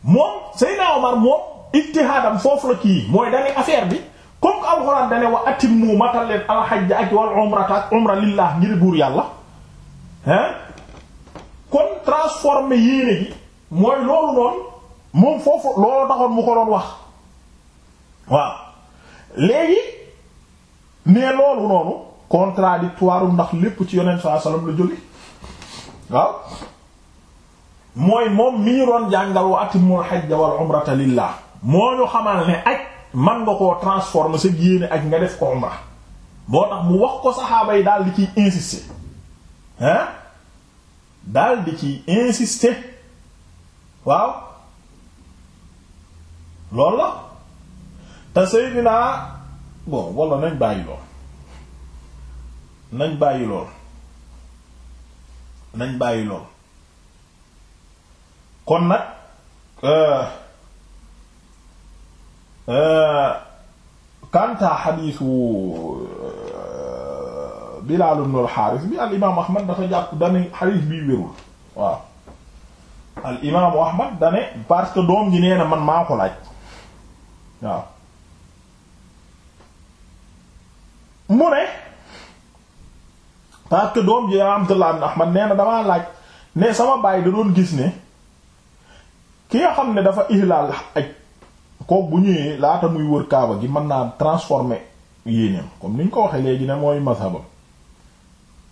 moom Seydina Omar moom ijtihaadam foofu la kii mooy dane affaire bi comme que alxuraan dane wa atimmu matal leen ak wal umrata ak umra lillah ngir buur yàlla hein kon transformer yéene gi mooy loolu noonu moom foofu loolu taxoon mu ko doon wax waaw léegi ne loolu noonu contradictoire ndax lépp ci yoneen sallallahu la jóge waaw mooy moom mi ñu doon jàngal wa atimmul hajja umrata lillah moo ñu xamal ne aj man nga koo transformer sa yéene aj nga def ko umra boo tax mu wax ko saxaaba yi daal di ciy insister hein daldi ci insister waaw loolu la te Seydina bon wala nañ bàyyi nañ bàyyi lool nañ bàyyi lool kon nag kanta euh, euh, xadiisu Bilaal ibn al-Haaris bi al imaamu Ahmad dafa jàpp dane xadiis bi wérul waaw al Ahmad dane parce que doom ji nee na man maa ko laaj waaw mu ne parce que doom ji Abdullah ibn Ahmad nee na damaa laaj ne sama baay da doon gis ne ki nga xam ne dafa ihlaal aj kooku bu ñëwee laata muy wër kaaba gi mën naa transformer yéeneem comme ni ko waxee léegi ne mooy mazhabam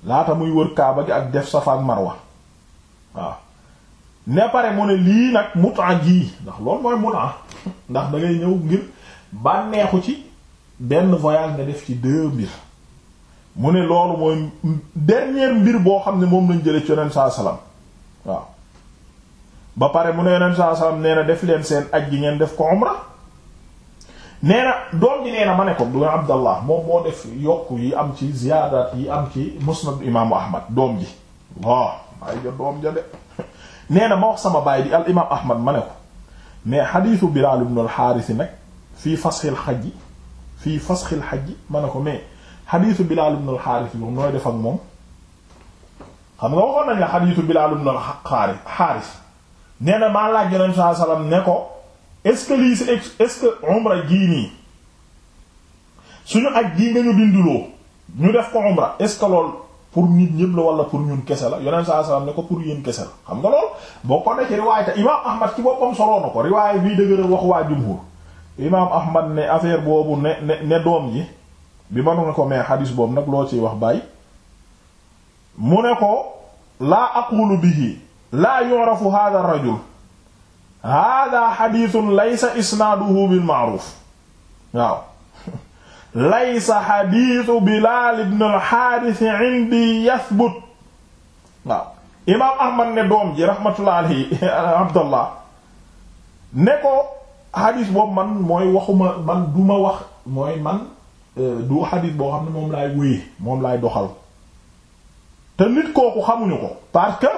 laata muy wër kaaba gi ak def safa ak marwa waaw ne pare mu ne lii nag mutaa gii ndax loolu mooy mutaa ndax da ñëw ngir bànneexu ci benn voyage nga def ci deux mbir mu ne loolu mooy dernier mbir boo xam ne moom lañ jële ci yonent saa salaam waaw ba pare mu ne yonent saa salaam nee def leen seen aj gi ngeen def ko umra nee na doom ji nee na ma ne ko moo def yokk yi am ci ziyaadaat yi am ci musnad imaamu Ahmad doom ji waaw ay ja doom ja de nee ma wax sama baay di al imaam Ahmad ma ne ko mais xadiisu Bilaal nag fii fasxil xajji fii fasxil xajji ma ne ko mais xadiisu Bilaal ibn la xadiisu Bilaal ibn na maa laaj Yonent sallallahu alayhi wasallam ne ko est-ce que lii si est-ce que umra gii nii suñu ak gii nga ñu dindiloo ñu def ko umra est pour nit ñëpp la wala pour ñun kese la yonent saa salaam ne ko pour yéen kese la xam nga lool bokkoon na ci riwaay te imaam Ahmad ci boppam soloo na ko riwaay bii dëgëral wax waa jumhur imaam Ahmad ne affaire boobu ne ne doom ji bi mënu na ko mais xadiis boobu nag loo ciy wax bàyyi mu ne ko laa aqulu bihi laa yu'rafu hadha ar-rajul hada xadiisun laysa isnaaduhu bil ma'ruf waaw laysa xadiisu Bilaal ibn al-Haaris indi yathbut waaw imaam Ahmad ne doom ji rahmatullah alayhi Abdallah ne ko xadiis boobu man mooy waxuma man duma wax mooy man euh, du xadiis boo xam ne moom laay wéye moom laay doxal te nit kooku xamuñu ko parce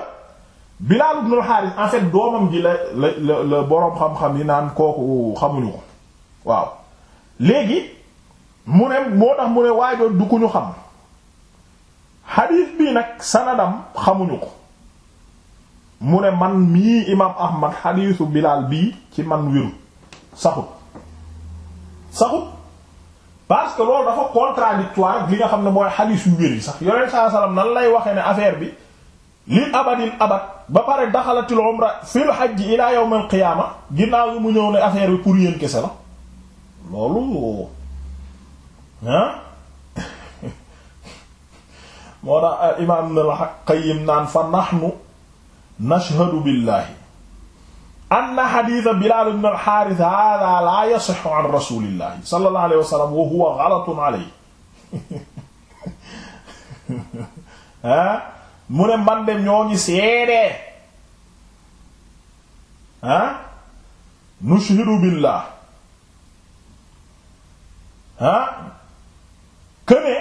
Bilaal ibn al-Haaris en fait doomam ji la la la boroom xam-xam yi naan kooku xamuñu ko waaw léegi mu ne moo tax mu ne waajoon du ku ñu xam xadiis bii nag sanadam xamuñu ko mu ne man mii imaam Ahmad xadiisu Bilaal bii ci man wiru saxut saxut parce que loolu dafa contradictoire li nga xam ne mooy xadiis yu wér sax yoneen saa salaam nan lay waxee ne affaire bi li abadil abad ba pare daxalatil umra fil hajji ila yawmil qiyaama ginnaaw mu ñëw ne affaire bi pour yéen kese la loolu ah moo tax imaam Ibn al-Qayyim naan fa nahnu nashhadu billahi anna hadiisa Bilaal ibn al-Haaris haaza laa yasihhu an rasuulillahi sallallahu alayhi wa sallam wa huwa ghalatun alayhi mu ne man dem ñoo ngi seedee ah nushhidu billah ah këne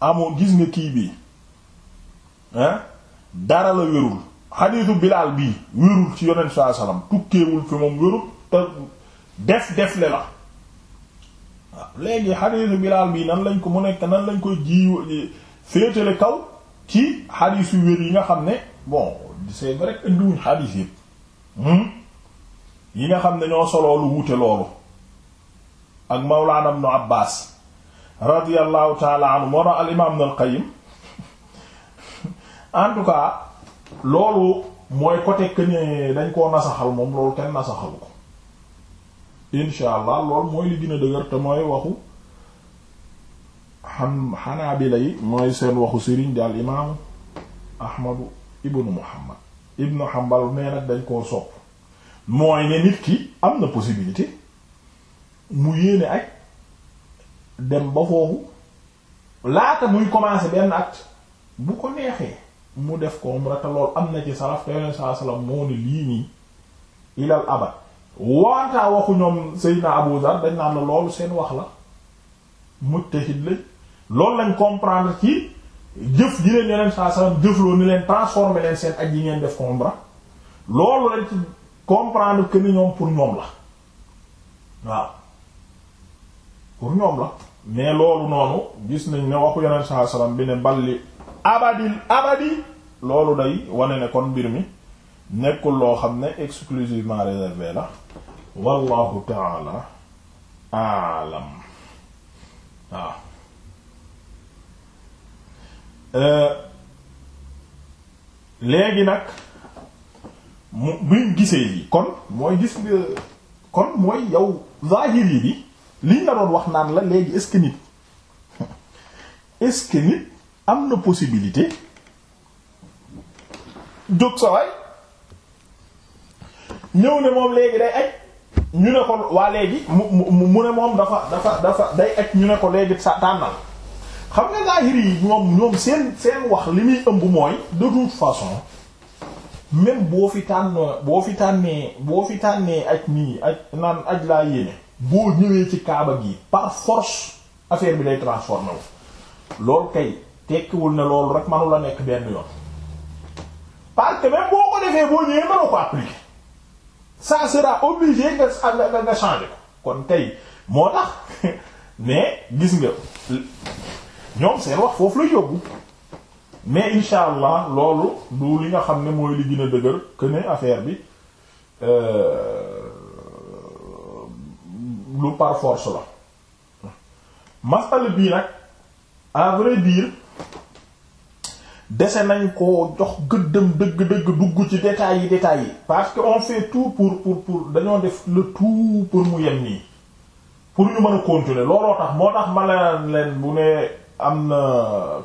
amoo gis nga kii bi ah dara la wérul xadiisu bilaal bii wérul ci yonent saa salaam tukkeewul fi moom wérul te def def la waaw léegi xadiisu bilaal bii nan lañ ko mu nekk nan lañ koy jiw féetale kaw ci xadiis wér yi nga xam ne bon c'est vrai que indiwuñ xadiis hmm? yi nga xam ne ñoo solo lu wuute loolu ak Mawlaana Ibnu Abbaas radiyallahu taala anhu moo al imaam Ibnul Qayyim en tout cas loolu mooy côté que ne dañ koo nasaxal moom loolu kenn nasaxalu ko incha allah mooy li gën a dëgër te mooy waxu. xam bila yi mooy seen waxu sëriñ di al ahmadu ibnu muhammad ibnu hambal nee nag dañ koo sopp mooy ne nit ki am na possibilité mu yéene ak dem ba foofu laata muy commencer benn acte bu ko neexee mu def ko umra lool am na ci salaf te yoneen saa salaam moo ne lii nii ilal abad waataa waxu ñoom Seydina Abu Zar dañ naan la loolu seen wax la muttahid lañ loolu lañ comprendre ci jëf ji leen yeneen saa salaam jëfloo ni leen transformer leen seen aj yi ngeen def ko umra loolu lañ comprendre que ni ñoom pour ñoom la waaw pour ñoom la mais loolu noonu gis nañ ne waxu yeneen saa salaam bi ne balli abadil abadi loolu day wane ne kon mbir mi nekkul loo xam ne exclusivement réservé la wallahu taala alam waaw Euh, léegi nag mu buñ gisee lii kon mooy gis nga kon mooy yow zahiri bi liñ la doon wax naan la léegi est-ce am na possibilité jóg sa waay ñëw ne moom léegi day aj ñu ne ko waa léegi mu mu mu ne moom dafa dafa dafa day aj ñu ne ko léegi sa tànnal xam nga zaahiri yi ñoom ñoom seen seen wax li muy ëmb mooy de toute façon même boo fi tànn boo fi tànnee boo fi tànnee ak nii aj naan aj laa yéene boo ñëwee ci kaaba gi par force affaire bi day transformé loolu kay tekkiwul ne loolu rek mënu la nekk benn yoon parce que même boo ko defee boo ñëwee mënu ko appliquer ça sera obligé nga nga changer ko kon tey moo tax mais gis nga ñoom seen wax foofu la yóbbu mais insha allah loolu du li nga xam ne mooy li gën a dëgër que ne affaire bi euh, lu par force la masala bii nag à vrai dese nañ ko jox gëddëm dëgg-dëgg dugg ci détails yi détails yi parce que on fait tout pour pour pour dañoo def le tout pour mu yem nii pour ñu mën a continuer looloo tax moo tax ma leen leen bu ne am na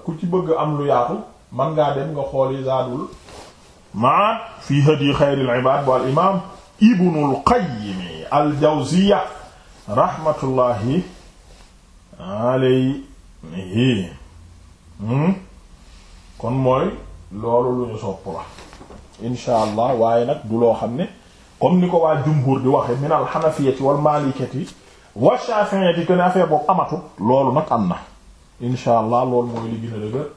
ku ci bëgg am lu yaatu man ngaa dem nga xooli zaadul maat fi hadi xayril ibaad bu al imaam ibnul qayyim al jawziya rahmatullahi hmm? kon mooy loolu lu ñu sopp la insha allah waaye nag du loo xam ne comme ni ko waa jumhur di waxe min al xanafiyati wal maalikati wa shafi'iyati kenn affaire boobu amatu loolu nag am na insha allah loolu mooy li gën a dëgër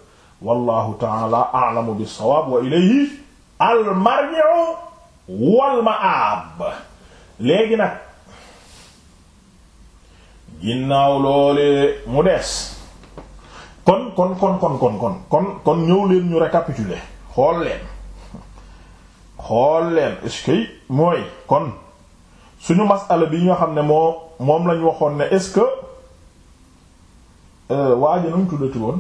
wallahu taala a'lamu bis-sawaab wa ilayhi al-marji'u wal léegi nag ginnaaw loole mu des kon kon kon kon kon kon kon kon ñëw leen ñu récapituler xool leen xool leen est mooy kon suñu masala bi ñu xam ne moo moom lañ waxoon ne est-ce que Euh, waa ji nu mu tuddati woon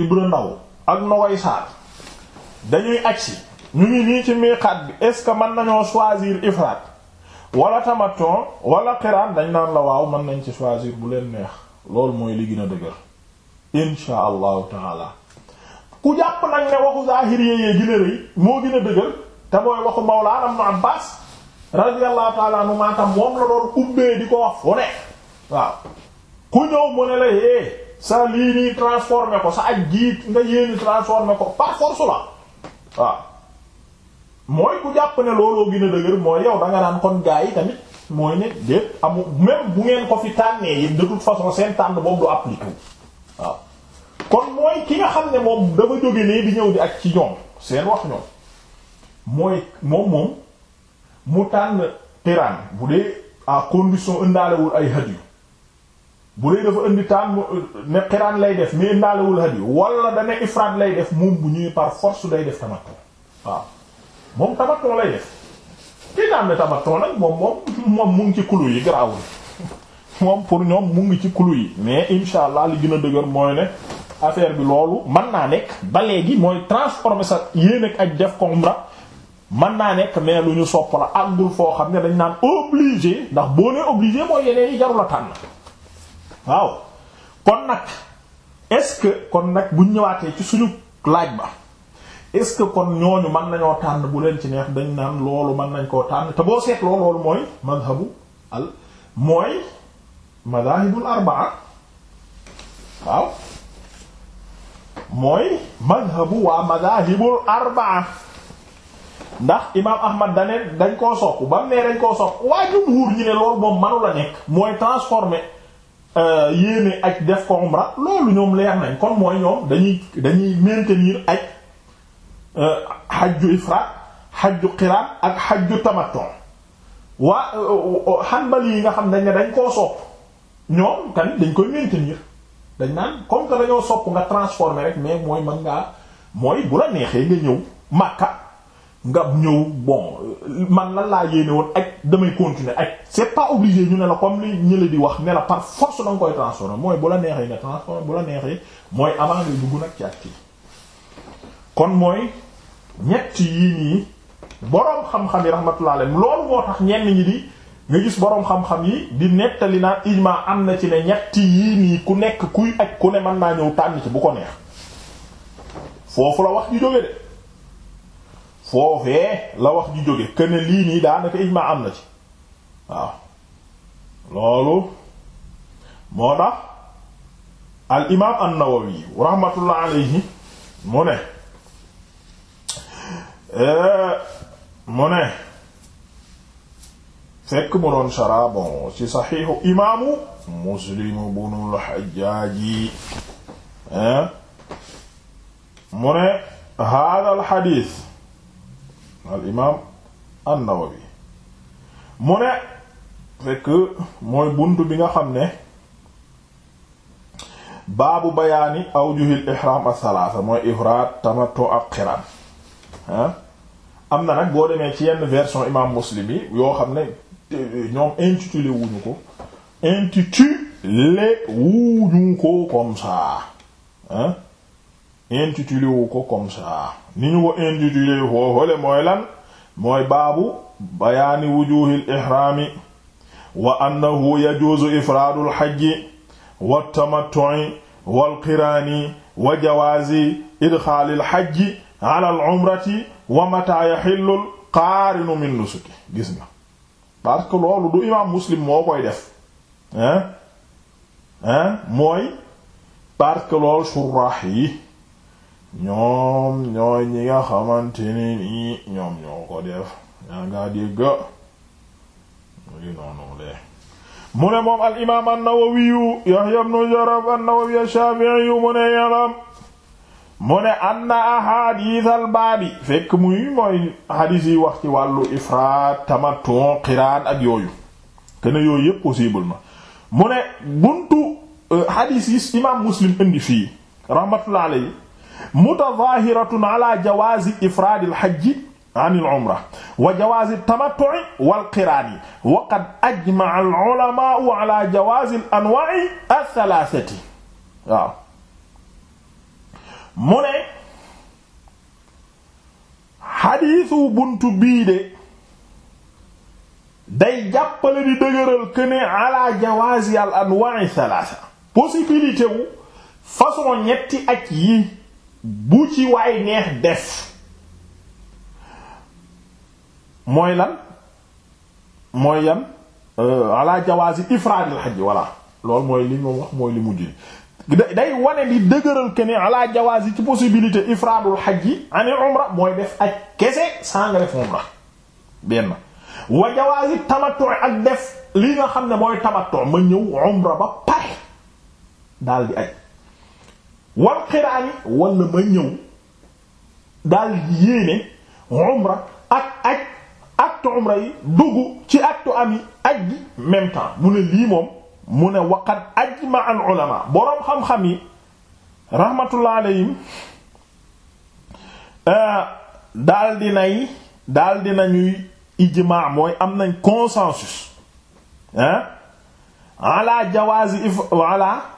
Ibra Ndaw ak Nogoy Sarr dañuy agsi ñu ngi nii ci miiqaat bi est-ce que nañoo choisir ifraat wala tamaton wala xiraan dañ naan la waaw mën nañ ci choisir bu leen neex loolu mooy li gën a dëgër insha allahu taala ku jàpp nag ne waxu zahir yéeyee gën a rëy moo gën a dëgër te mooy waxu mawlaana ibn Abbaas radiyallahu taala anhu maatam moom la doon ubbee di ko wax fu ne waaw ku ñëw mu a la hé eh, sa lii nii transformé ko sa ak jiit nga yéeni transformé ko par force la waaw mooy ku jàpp ne looloo gën a dëgër mooy yow da nga naan kon gaa yi tamit mooy ne déet amu même bu ngeen ko fi tànnee yéen de façon seen tànn boobu du appliqué waaw kon mooy ki nga xam ne moom dafa jóge ne di ñëw di ak ci ñoom seen wax ñoom mooy moom moom mu tànn tiraan bu dee à condition indaalewul ay hadiyu bu dee dafa indi taan ne xiraan lay def mais indaalewul hadi wala dane ifraat lay def moom bu ñuy par force day def tamattu waaw moom tamattu lay def moom moom mu ngi ci kulu yi garaawul moom pour ñoom mu ngi ci kulu yi mais insha allah li gën a dëgër mooy ne affaire bi loolu man naa nekk ba léegi mooy transformer sa yéen ak def ko umra mën naa nekk mais lu ñu sopp la àggul foo xam ne dañ naan obligé ndax boo ne obligé mooy yi jarul waaw kon nag est-ce que kon nag buñ ñëwaatee ci suñu laaj ba est-ce que kon ñooñu mën nañoo tànn bu leen ci neex dañ naan loolu man nañ koo tànn te boo seetloo loolu mooy madhabu al mooy madahibul arbaa waaw mooy madhabu waa madahibul arbaa ndax imaam ahmad dane dañ koo sopp ba mu dañ koo sopp waa jumhuur ñi ne loolu moom manu nekk mooy transformer Euh, yéene ak def ko umra loolu ñoom leer nañ kon mooy ñoom dañuy dañuy maintenir aj xajju euh, ifraat xajju qiraan ak xajju tamattu waa euh, hanbali yi nga xam dañ ne dañ koo sopp ñoom tamit dañ koy maintenir dañ naan comme que dañoo sopp nga transformer rek mais mooy mën ngaa mooy bu la neexee nga ñëw Makka nga ñëw bon man lan laa yéene woon ak damay continuer ak c'est pas obligé ñu ne la comme li ñële di wax ne la par force da nga koy transformer mooy bu la neexee nga transformer bu la neexee mooy avant ngay dugg nag ci acte kon mooy ñett yii nii boroom xam-xam yi rahmatullah loolu moo tax ñenn ñi di nga gis boroom xam-xam yi di nettali naan ijma am na ci ne ñett yii nii ku nekk kuy ak ku ne man naa ñëw tànn ci bu ko neex foofu la wax ñu jóge de foofee la wax ji jóge këne lii nii daanaka ijmaa am na ci waaw loolu moo tax al imaam an-Nawawi rahmatullah alayhi mu ne fekk mu doon shara bon ci saxiixu imaamu Muslim ibnul Hajjaaj mu ne haadal xadiis al imaam an-Nawawi mu ne fekk mooy bunt bi nga xam ne baabu bayaani awjuhil ihram as-salaasa mooy ifraat tamattu ak xiraan am na nag boo demee ci yenn version imam Muslim yi yoo xam ne ñoom intitulé wuñu ko intitulé wuñu ko comme ça intitulé wu ko comme ça ni ñu ko intitulé foofale mooy lan mooy baabu bayaani wujuhil ihraami wa annahu yajuuzu ifraadul hajji wa tamattu'i wal qiraani wa jawaazi idxaalil hajji alal umrati wa mataa yaxillul qaarinu min nusuki gis nga parce que loolu du imaam muslim moo koy def hein hein mooy parce que loolu surraax yi ñoom ñooy ñi nga xamante ne ñoom ñoo ko def yaa ngaa dégga mu ne moom al imaam Yahya ibn Jaraf an-Nawawi ash-Shafi'i mu ne yaram mu ne anna ahadith al-baabi fekk muy mooy hadith yi wax ci wàllu ifraat tamattu qiraan ak yooyu kena yooyu yépp possible mu ne buntu euh, hadith yi imaam Muslim indi fii rahmatullahi alayhi mutadaahiratun ala jawaazi ifraadil hajji anil umra wa jawaazi tamattu'i wal qiraani wa ala jawaazi al buntu bii day jàppale di dëgëral que ala jawaazi al anwaa'i thalaatha possibilité wu façon bu ci waay neex def mooy lan mooy yan euh, ala jawaasi ifraadil xaj voilà loolu mooy li ñu wax mooy li mujj day wane di dëgëral que ne ala jawaasi ci possibilité ifraadul xaj yi ani umra mooy def ak kese saa nga def umra benn wa jawaasi tamattu ak def li nga xam ne mooy tamattu ma ñëw umra ba pare daal di aj wal xiraani wala ma ñëw daal yéene umra ak aj acte umra yi dugg ci acte am yi aj gi même temps mu ne lii moom mu ne waqad ajma al ulama boroom xam-xam yi rahmatullah alayhim euh, daal dinay daal dinañuy mooy am nañ consensus ah ala jawaazi if ala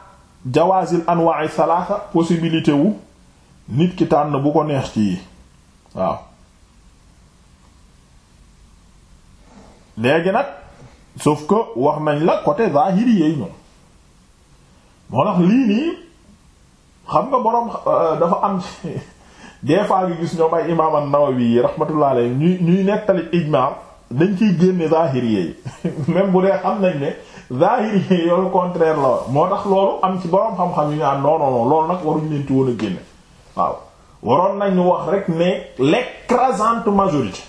jawaasil anwa'i salaasa possibilité wu nit ki tànn bu ko neex ci yi waaw léegi nag sauf ko wax nañ la côté zahiri yeey ñoom moo tax lii nii xam nga boroom euh, dafa am des fois gi gis ñoom ay imaam nawawi yi rahmatullah ñuy ñuy nettali dañ ciy génne zahiri yeey même bu dee xam nañ ne zahiri yi yoolu contraire la moo tax loolu am ci boroom xam-xam yu ñu am non non loolu nag waruñu leen ci a génne waaw waroon nañu wax rek ne l'écrasante majorité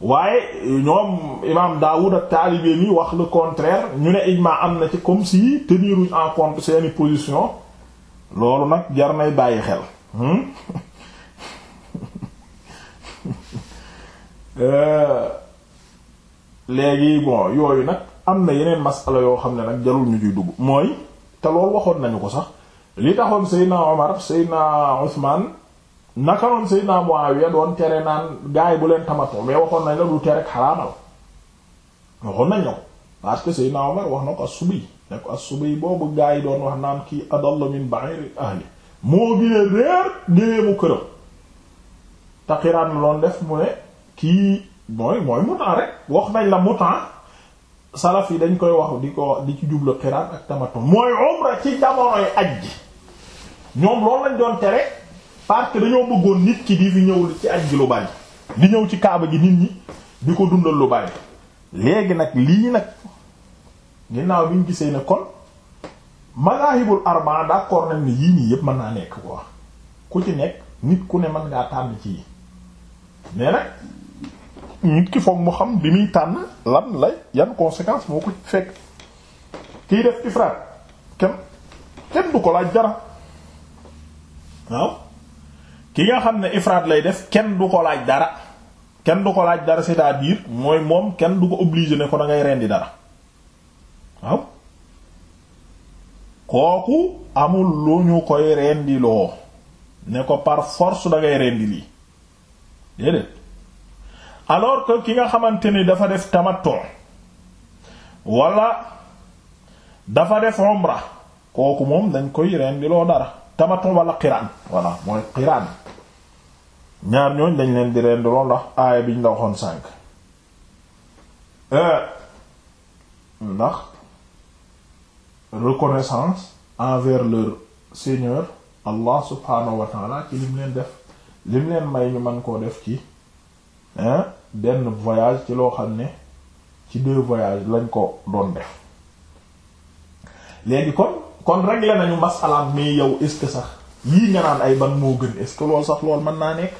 waaye ñoom imaam Daoud ak taalibe mi wax le contraire ñu ne ijma am na ci comme si teniruñ en compte seeni position loolu nag jar nay bàyyi xel hmm? euh, léegi bon yooyu nag am na yeneen masala yoo xam ne nag jarul ñu ciy dugg mooy te loolu waxoon nañu ko sax li taxoon Seydina Omar Seydina Ousmane naka noon Seydina Muawiya doon tere naan gaay bu leen tamatoo mais waxoon nañ la du tere ak xaraamal waxoon nañ wax na ko as-subi ne ko as boobu gaay yi doon wax naan kii adalla min ba'ir ahli moo gën a réer géeemu këram taqiraan loon def mu ne kii mooy mooy mutaa rek wax nañ la mutaa salaf yi dañ koy wax di ko di ci jublu xiraan ak tamaton mooy umra ci jamonoy aj ñoom loolu lañ doon tere parce dañoo bëggoon nit ki di fi ñëw ci aj lu bari di ñëw ci kaaba gi nit ñi di ko dundal lu bari léegi nag lii nag ginnaaw bi ñu gisee ne kon madahibul arba d'accord nañ ne yii nii yépp mën naa nekk quoi ku ci nekk nit ku ne mën ngaa tànn ci yi mais nag nit ki foog mu xam bi muy tànn lan lay yan conséquence moo ko fekk kiy def ifraat kenn kenn du ko laaj dara waaw ki nga xam ne ifraat lay def kenn du ko laaj dara kenn du ko laaj dara c'est-à-dire mooy moom kenn du ko obligé ne ko da ngay rendi dara waaw kooku amul lu ñu koy rendiloo ne ko par force da ngay rendi alors que ki nga xamante ni dafa def tamatoo wala dafa def umra kooku moom dañ koy rendi loo dara tamattu wala qiraan voilà mooy qiraan ñaar ñooñ dañ leen di rendi loo ndax aaya biñ la waxoon sànk euh, ndax reconnaissance envers leur Seigneur Allah subhanahu wa ta'ala ci lim leen def lim leen may ñu mën koo def ci benn voyage ci loo xam ne ci deux voyages lañ ko doon def léegi kon kon réglé nañu masalaam mais yow est sax yii nga naan ay ban moo gën est-ce lool sax lool mën naa nekk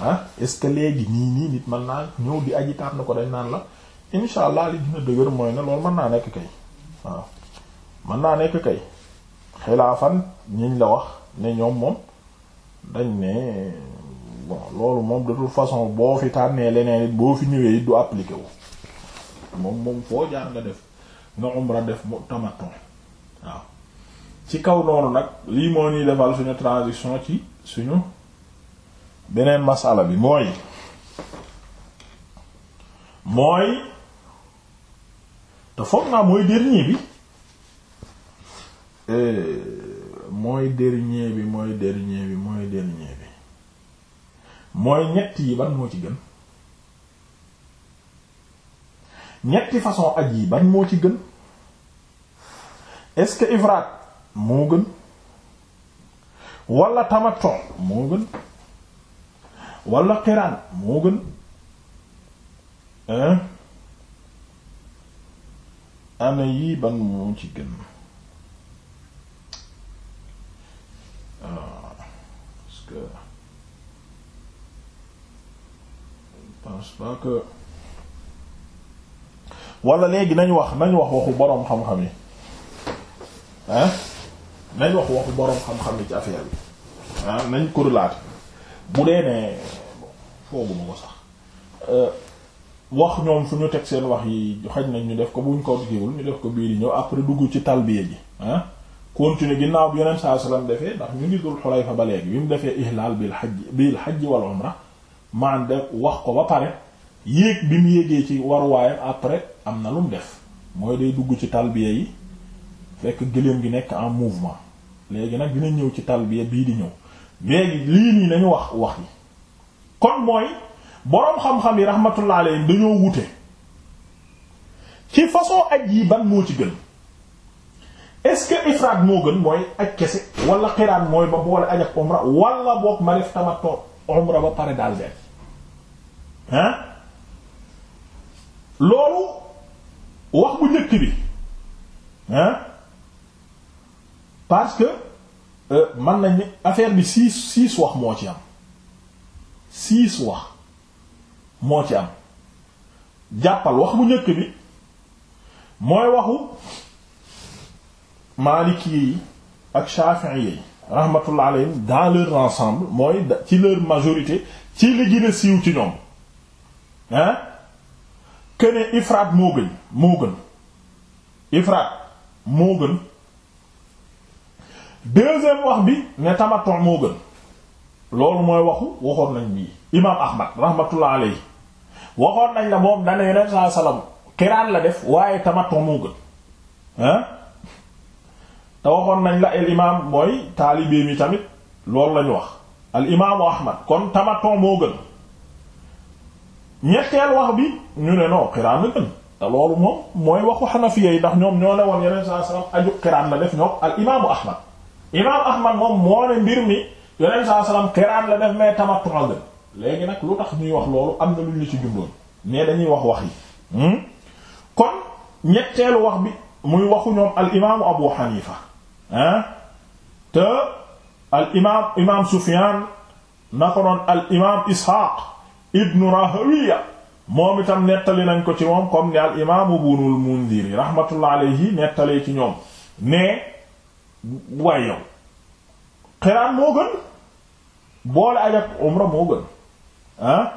ah est-ce que léegi nii nii nit mën naa ñëw di aji na ko dañ naan la insha allah li dina dëgër mooy ne loolu mën naa nekk kay waaw mën naa nekk kay xilaafan ñiñ la wax ne ñoom moom dañ ne bon loolu moom de toute façon boo fi tànnee leneen boo fi ñëwee it du appliqué wu moom moom foo jaar nga def nga umra def mu waaw ci kaw noonu nag lii moo ñuy defal suñu transition ci suñu beneen masala bi mooy mooy te foog naa mooy dernier bi eh, mooy dernier bi mooy dernier bi mooy dernier mooy ñett yi ban moo ci gën ñetti façon aj yi ban moo ci gën est-ce moo gën wala tamattu moo gën wala xiraan moo gën hein ana yi ban moo ci gën pense pas que wala léegi nañ wax nañ wax waxu boroom xam-xam yi ah wax waxu boroom xam-xam yi ci affaire bi ah nañ korelaate bu dee ne foogu ma ko sax euh, wax ñoom fu ñu teg seen wax yi xaj nañ ñu def ko buñ ko diwul ñu def ko bii di ñëw après dugg ci talbiya ji ah continuer ginnaaw bi yonent saa sallam defee ndax ñu ngi dul xulayfa ba léegi bi mu defee ihlal bil hajj bil hajj wal umra man de wax ko ba pare yéeg bi mu yéegee ci waruwaayam après am na lu mu def mooy day dugg ci talbiya yi fekk gëléem gi nekk en mouvement léegi nag dina ñëw ci talbiya bii di ñëw léegi lii nii nañu wax wax yi kon mooy boroom xam-xam yi rahmatullah alayhi dañoo wute ci façon aj yi ban moo ci gën est-ce que moo gën mooy aj kese walla xiraan mooy ba boole aj ak umra wala boog ma def tamattu umra ba pare daal def hein loolu wax bu njëkk bi hein parce que euh, man nañ affaire bi six six wax moo ci am six wax moo ci am jàppal wax bu njëkk bi mooy waxu Maliki yi ak Shafi'i yi rahmatullah alayhim dans leur ensemble mooy ci leur majorité ci li gën a siiw ci ñoom ah këne ifraat moo gën moo gën ifraat moo gën deuxième wax bi ne tamattu moo gën loolu mooy waxu waxoon nañ bii imaam ahmad rahmatullah alayhi waxoon nañ la moom dana yonent saa salaam xiraan la def waaye tamattu moo gën ah te waxoon nañ la al imaam mooy taalibe mi tamit loolu lañu wax al imaamu ahmad kon tamattu moo gën ñetteel wax bi ñu ne non xiraan la gën loolu moom mooy waxu xanafiya yi ndax ñoom ñoo ne woon yeneen saa salaam aju xiraan la def ñoom al ahmad imaamu ahmad moom moo ne mbir mi yeneen saa salaam xiraan la def mais tamattu la gën léegi lu tax ñuy wax loolu am na luñ la ci jumloon mais dañuy wax wax yi hmm? kon ñetteelu wax bi muy waxu ñoom al imaamu abu xanifa te al imaam sufyaan na ko noon ibnu rahawiya moom itam nettali nañ ko ci moom comme ni al imaamu bunul mundiri rahmatullah alayhi nettalee ci ñoom ne waaye yow xiraan moo gën boole aj umra moo gën ah?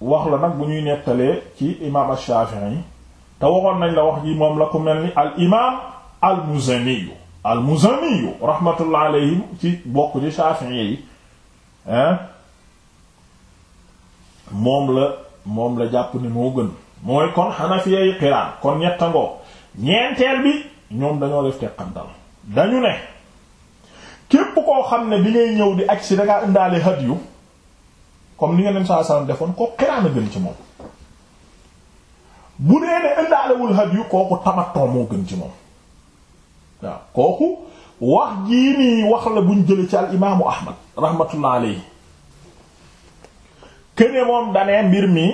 wax la nag bu ñuy nettalee ci imaam ash-Shafi'i te waxoon nañ la wax ji moom la ku mel ni al imaam al muzaniyu al muzaniyu rahmatullah alayhi ci bokk ci Shafi'i yi ah? moom la moom la jàpp ne moo gën mooy kon xanafiya yi xiraan kon ñettangoo ñeenteel bi ñoom dañoo def teqantal dañu ne képp koo xam ne bi ngay ñëw di aj si dangaa indaale hadiyu comme ni nga dem saa sallam defoon ko xiraan a gën ci moom bu nee ne indaalewul hadiyu kooku tamatoo moo gën ci moom waaw kooku wax jii nii wax la buñ jële ci al imaamu ahmad rahmatullah alayhi këne moom danee mbir mi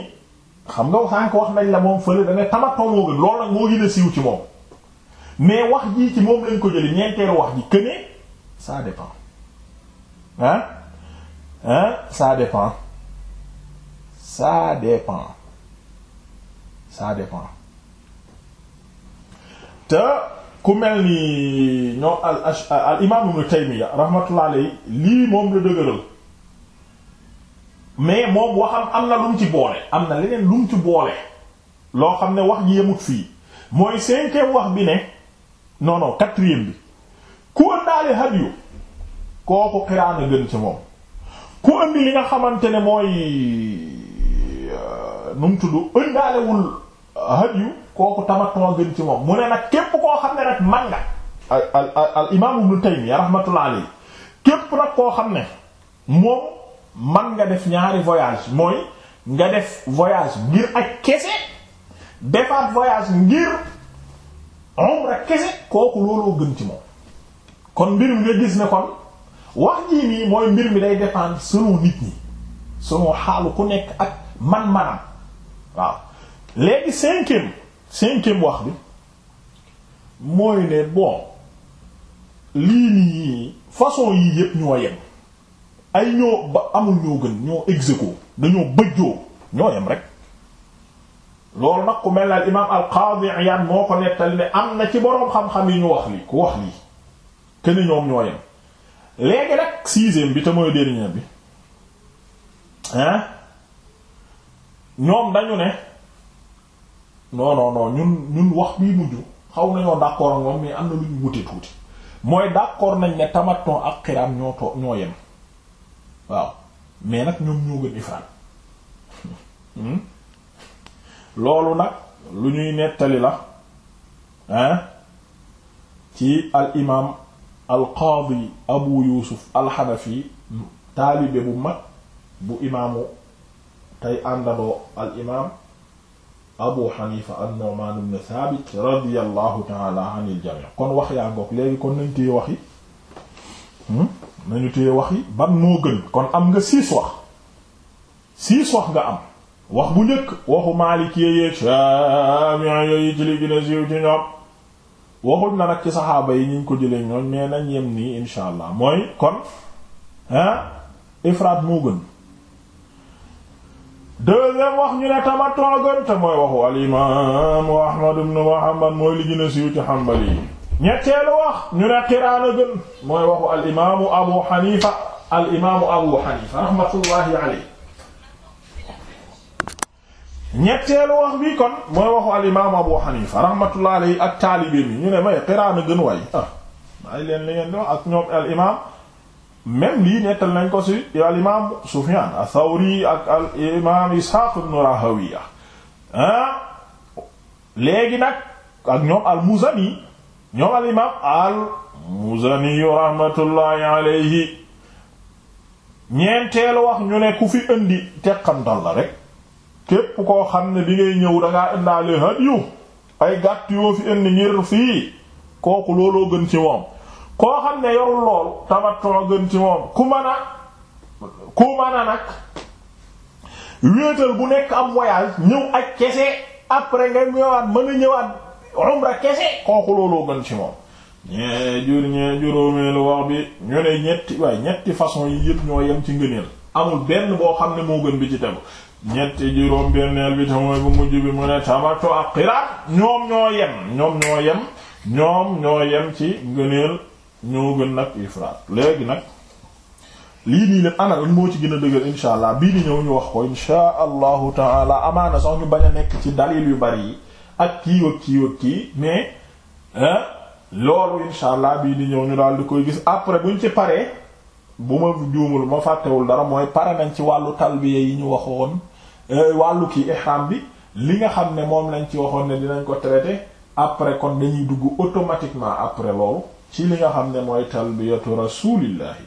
xam nga sànk wax nañ la moom fële dane tamatoo moo gën loolu nag moo gën a siiw ci moom mais wax jii ci moom lañ ko jëli ñeenteelu wax ji këne ça dépend ah ah ça dépend ça dépend ça dépend te ku mel ni ñoom al al imaam Ibnu Taymiyya rahmatullah lii moom la dëgëral mais moom waxam am na lu ci boole am na leneen lu mu ci boole loo xam ne wax ji yemut fii mooy cinquième wax bi ne non non quatrième bi ku ëndaale hadiyu kooku xiraan gën ci moom ku ëndi li nga xamante ne mooy euh, nu mu tudd ëndaalewul hadiyu kooku tamatuma gën ci moom mu ne nag képp koo xam ne nag man nga al al al imaam Ibnu Taymiyya rahmatullah képp nag koo xam ne moom man nga def ñaari voyage mooy nga def voyage ngir ak kese defaat voyage ngir umra kese kooku looloo gën ci moom kon mbir mi nga gis ne kon wax jii nii mooy mbir mi day dépendre selon nit ñi selon xaalu ku nekk ak man-manam waaw léegi cinquième cinquième wax bi mooy ne bon lii nii façon yii yépp ñoo yem ay ñoo ba amul ñoo gën ñoo exéco dañoo bëjjoo ñoo yem rek loolu nag ku mel ne al imaam al qaadi Iyaad moo ko nettali ne am na ci boroom xam-xam yi ñu wax lii ku wax lii kenn ñoom ñoo yem léegi nag sixième bi te mooy dernier bi hein ñoom dañu ne non non non ñun ñun wax bii mujj xaw nañoo d'accord ak moom mais am na lu ñu wute tuuti mooy d'accord nañ ne tamaton ak xiraam ñoo too ñoo yem waaw mais nag ñoom ñoo gën ifraat hmm? loolu nag lu ñuy nettali la hein ci al imaam al qaadi abu yuusuf al xanafi taalibe bu mag bu imaamu tey àndandoo al imaam abu xanifa an nu'man ibn thabit radiyallahu taala anil jami' kon wax yaa ngoog léegi kon nañ téye wax yi hmm? nañu téye wax yi ban moo gën kon am nga six wax six wax nga am wax bu njëkk waxu maalikee yeeg Shaafi'i yooyu ci li gën a siiw ci ñoom waxuñ na nag ci saxaaba yi ñu ngi ko jëlee ñoom mais nañ yem nii insha allah mooy kon ah ifraat moo gën deuxième wax ñu ne tamattu gën te mooy waxu al imaamu Ahmad ibn Muhammad mooy li gën a siiw ci Hanbali yi ñetteelu wax ñu ne qiraan a gën mooy waxu al imaamu abu xanifa al imaamu abu xanifa rahmatullahi alayhi ñetteelu wax bi kon mooy waxu al imaamu abu xanifa rahmatullahi alayhi ak taalibe bi ñu ne may qiraan a gën waay ah ay leen li ngeen di wax ak ñoom al imaam même lii nettal nañ ko ci al imaam sufyan ath-thawri ak al imaam ishaq ibn rahawiya ah léegi nag ak ñoom al muzani ñoom al imaam al muzani rahmatullahi alayhi ñeenteelu wax ñu ne ku fi indi teqantal la rek képp koo xam ne bi ñëw dangaa indaale hadiyu ay gàtt yoo fi indi ngir fii kooku looloo gën ci moom koo xam ne yorul lool tamattu gën ci moom ku mën a ku mën nag wéetal bu nekk am voyage ñëw ak kese après nga ñëwaat mën a ñëwaat umra kese kooku looloo gën ci moom ñee jur ñee juróomeelu wax bi ñu ne ñetti waaye ñetti façon yi yëpp ñoo yem ci ngëneel amul benn boo xam ne moo gën bi ci tegu ñetti juróom benneel bi te bu mujj bi mu ne tamattu ak xiraat ñoom ñoo yem ñoom ñoo yem ci ngëneel ñoo gën nag ifraat léegi nag lii nii leen ana moo ci gën a dëgër insha allah bii ni ñëw ñu wax ko insha allahu amaana sax ñu bañ a nekk ci dalil yu bari yi ak kii ak kii ak kii mais loolu insha allah bii di ñëw ñu daal di koy gis après buñ ci paree bu ma juumul ma fàttewul dara mooy pare nañ ci wàllu talbiya yi ñu waxoon euh, wàllu kii ihram bi li nga xam ne moom lañ ci waxoon ne dinañ ko traiter après kon dañuy dugg automatiquement après loolu ci li nga xam ne mooy talbiyatu rasulillahi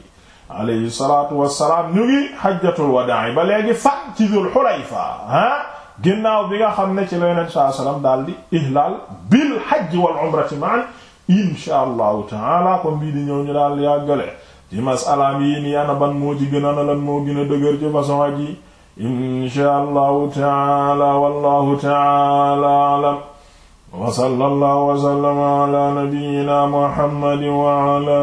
alayhi salatu wasalaam ñu ngi xajjatul yi ba léegi fa ci dul xulayfa ginnaaw bi nga xam ne ci la yonent saa salaam daal di ihlaal bil hajj wal umrati ma'an insha allahu taala kon bii di ñëw ñu daal yàggale ci masalaam yi ni ana ban moo ci gën ana lan moo gën a dëgër ci façon ak yi insha allahu taala wallahu taala alam wa sallallahu wa sallama ala nabiyyina muhammadin wa ala